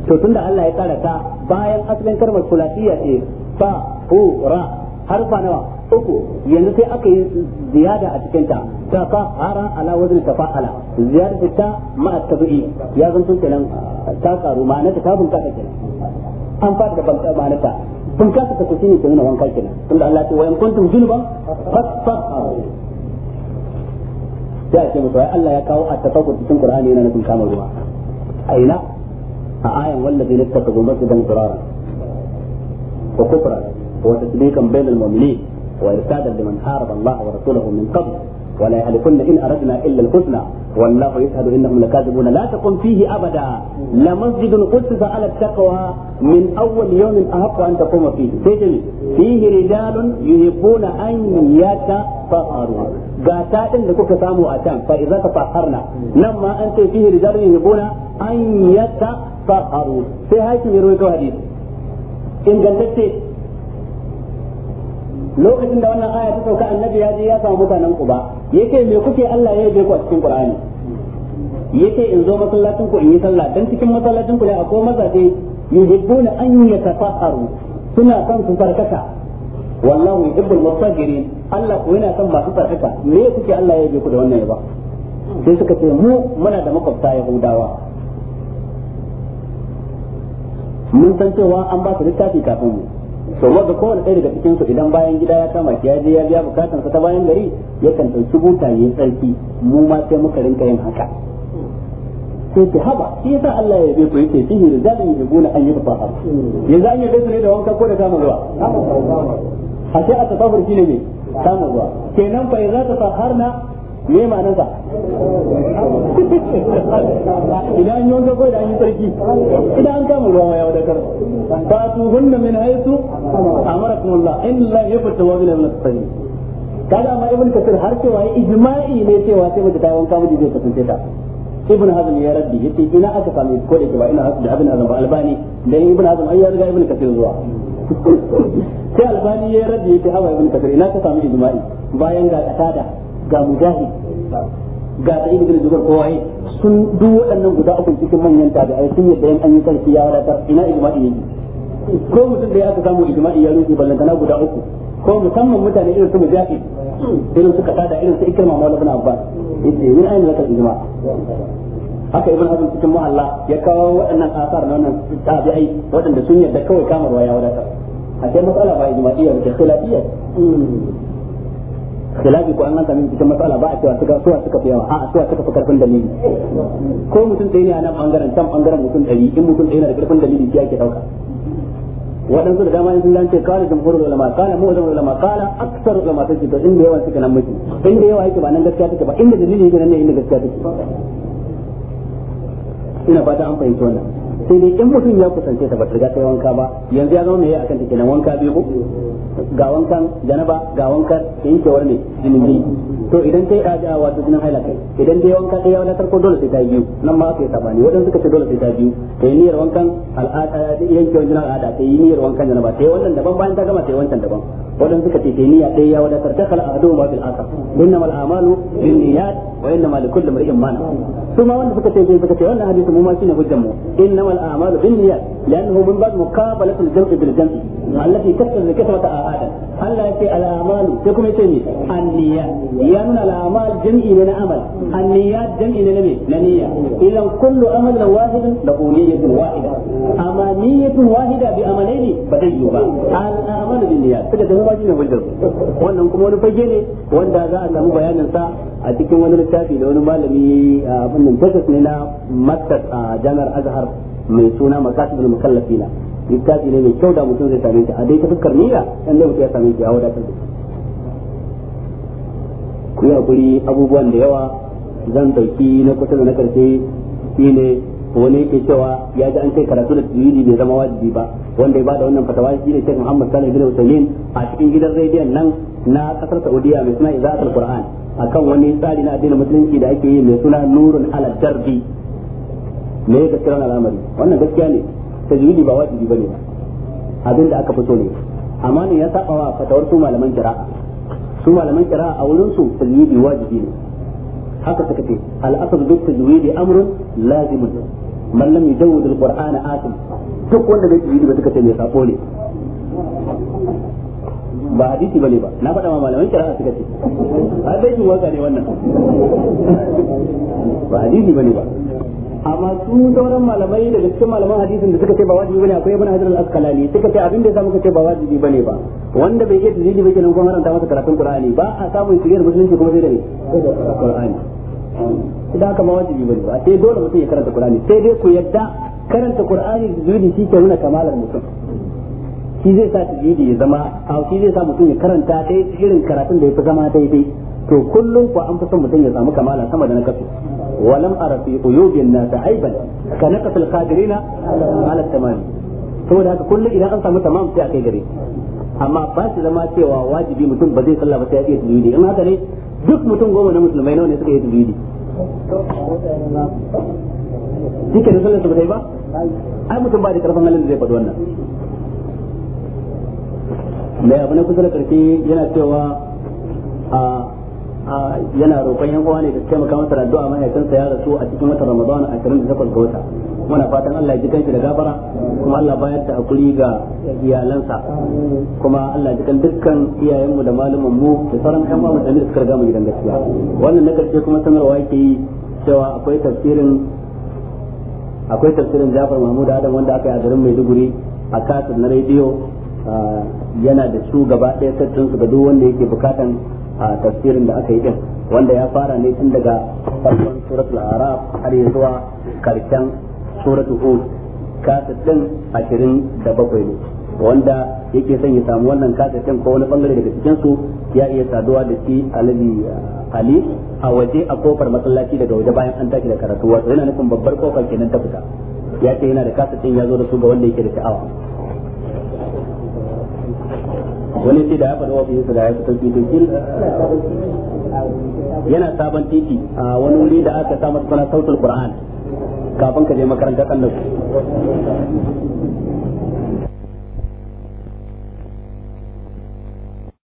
Speaker 1: to tunda Allah ya tsara ta bayan asalin kalmar kulasiya ce fa hu ra harfa nawa uku yanzu sai aka yi ziyada a cikin ta ta fa ara ala wajen wazn tafa'ala ziyadatu ta ma'a tabi'i ya zanto kenan ta karu ma'anar ta ta kenan an fada da banta manata kun kasa ta kusi ne kuma wanka kenan tunda Allah ya ce wayan kuntum junuban fastaghfiru ya ce musu ai Allah ya kawo a tafakkur cikin Qur'ani yana nufin kama ruwa aina a ayan wallazi ne ta kazo masjidan qurara ko kufra wa tasdiqan bainal mu'minin wa irsadan liman haraba Allah wa rasulahu min qabl ولا يهلكن إن أردنا إلا الحسنى والله يشهد إنهم لكاذبون لا تقم فيه أبدا لمسجد أسس على التقوى من أول يوم أحق أن تقوم فيه سجن فيه رجال يحبون أن يتطهروا gata din da kuka samu a can fa idza tafaharna nan ma an ce fihi rijalun yuhibuna an yatafaharu sai hakim ya rawaito hadisi ingantacce lokacin da wannan aya ta sauka annabi ya je ya samu mutanen ku ba yace me kuke Allah ya je ku a cikin Qur'ani yace in zo masallacin ku in yi sallah dan cikin masallacin ku ne akwai mazaje yuhibbuna an yatafaharu suna son su farkata wallahu yuhibbul mutahhirin Allah ko yana son masu farkata me kuke Allah ya je ku da wannan yaba sai suka ce mu muna da makwabta Yahudawa mun san cewa an ba su littafi kafin mu to wanda kowane ɗaya daga cikin su idan bayan gida ya kama shi ya je ya biya bukatan sa ta bayan gari yakan ɗauki buta ya tsarki mu ma sai muka rinka yin haka sai ki haba shi yasa Allah ya yabe ku yake fihi yuhibuna an yanzu an yabe su ne da wanka ko da kama ruwa ashe a tasawur shine ne samun ruwa kenan fa idza tatahharna me ma'anarsa idan yau yi da ko an yi sarki idan an kama ruwa ma wada kar ba su hunna min haythu amarakumullah in la yaftawa min al-nasani kaga amma ibn kasir har cewa ijma'i ne cewa sai mace ta wanka miji zai kasance ta ibn hazm ya raddi yace ina aka sami ko da ke ba ina da abin hazm ba albani dan ibn hazm ai ya riga ibn kasir zuwa sai albani ya raddi yace hawa ibn kasir ina ka same ijma'i bayan ga katada ga mujahid ga yi ibn zubar kowa yi sun duk waɗannan guda uku cikin manyan a sun yadda yan an yi sarki ya wadatar ina ijma'i yake ko mutum da ya aka samu ijma'i ya rufe ballantana guda uku ko musamman mutane irin su mujahid irin su da irin su ikirma maula ibn abbas yace min ayin lakal ijma' haka ibn hazm cikin muhalla ya kawo waɗannan asar na wannan tabi'ai waɗanda sun yadda kawai kamar waya wadatar a sai matsala ba ijma'iyya ba khilafiyya khilafi ko an an min cikin matsala ba a cewa suka suwa suka fi yawa a suwa suka fi karfin dalili ko mutum ɗaya ne a nan bangaren can bangaren mutum ɗari in mutum ɗaya na da karfin dalili shi ake ɗauka waɗansu da dama sun lance kala jamhurul ulama kala mu jamhurul ulama kala aksar ulama ta to inda yawa suka nan miki inda yawa yake ba nan gaskiya take ba inda dalili yake nan ne inda gaskiya take ina fata an fahimci wannan sai dai in mutum ya kusance ta ba riga ta wanka ba yanzu ya zama mai akan ta kenan wanka biyu ga wankan janaba ga wankan ne jinin to idan kai a wato jinin haila kai idan dai wanka wani tarko dole sai ta biyu nan ma aka sabani wadan suka ce dole sai ta biyu ta niyyar wankan al'ada gama wancan daban wadan suka ce a wannan hadisi mu ma shine hujjar mu الأعمال بالنيات لأنه من باب مقابلة الجمع بالجمع التي كثر لكثرة آدم هل يأتي الأعمال تكم يسمي النيات لأن الأعمال جمع من عمل النيات جمع من نية إذا كل عمل واحد له نية واحدة أما نية واحدة بأملين بديوبا الأعمال بالنيات فكذا هو واجب وجب wannan kuma wani fage ne wanda za a samu bayanin sa a cikin wani littafi da wani malami abin nan ne na matas a janar azhar mai suna makasibul mukallafina littafi ne mai kyau da mutum zai same shi a dai ta fuskar niyya dan da mutum ya same shi ya wadatar da ku yi hakuri abubuwan da yawa zan dauki na kusa da na karshe shine wani yake cewa ya ji an kai karatu da tijiri bai zama wajibi ba wanda ya bada wannan fatawa shi ne Sheikh Muhammad Salih bin Uthaymeen a cikin gidan rediyon nan na kasar Saudiya mai suna Izaatul Qur'an akan wani tsari na addinin musulunci da ake yi mai suna Nurul Ala Darbi me ya na al'amari wannan gaskiya ne tajwidi ba wajibi bane ba abin da aka fito ne amma ne ya saba wa fatawar su malaman kira su malaman kira a wurin su tajwidi wajibi ne haka suka ce al'asar duk tajwidi amrun lazimun man lam yujawwid al-qur'ana atim duk wanda bai tajwidi ba suka ce mai sako ne ba hadisi bane ba na faɗa ma malaman kira suka ce ai bai waka ne wannan ba hadisi bane ba amma su sauran malamai daga cikin malaman hadisin da suka ce ba wajibi bane akwai ibn hajar al-asqalani suka ce abin da yasa muka ce ba wajibi bane ba wanda bai iya tajidi ba kenan kuma haranta masa karatun qur'ani ba a samun da musulunci kuma sai da ne qur'ani idan haka ba wajibi bane ba sai dole mutum ya karanta qur'ani sai dai ku yadda karanta qur'ani tajidi shi ke nuna kamalar mutum shi zai sa tajidi ya zama a shi zai sa mutum ya karanta dai irin karatun da ya fi zama daidai to kullum ko an fi son mutum ya samu kamala sama da na kasu walam ara fi uyubin ta aiban ka na kasul alas ala tamam saboda haka kullum idan an samu tamam sai a kai gare amma ba shi zama cewa wajibi mutum ba zai sallah ba sai ya iya tujudi in haka ne duk mutum goma na musulmai nawa ne suka yi tujudi duka da sallar su ba ba ai mutum ba da karfin halin da zai faɗi wannan mai abu na kusa da karshe yana cewa a yana roƙon yan uwa ne da taimaka masa da addu'a mahaifinsa ya rasu a cikin watan Ramadan 28 ga wata muna fatan Allah ya ji kanki da gafara kuma Allah bayar da hakuri ga iyalansa kuma Allah ya ji kan dukkan iyayenmu da malaman mu da sauran ƴan uwa mutane da suka ga mu gidan gaskiya wannan na karshe kuma sanarwa yake yi cewa akwai tafsirin akwai tafsirin Jafar Mahmud Adam wanda aka yi a garin Maiduguri a kasar na rediyo yana da su gaba ɗaya sattin su ga duk wanda yake bukatan a tafsirin da aka yi din wanda ya fara ne tun daga farkon suratul araf har zuwa karshen suratul hud kasat din 27 ne wanda yake son ya samu wannan kasa din ko wani bangare daga cikin su ya iya saduwa da shi alabi ali a waje a kofar masallaci daga waje bayan an tashi da karatu wato yana nufin babbar kofar kenan ta fita ya ce yana da kasat din ya zo da su ga wanda yake da sha'awa wani sai da ya faɗa wa fiye da ya fi yana sabon titi a wani wuri da aka sa masa sautul qur'an kafin ka je makarantar annabi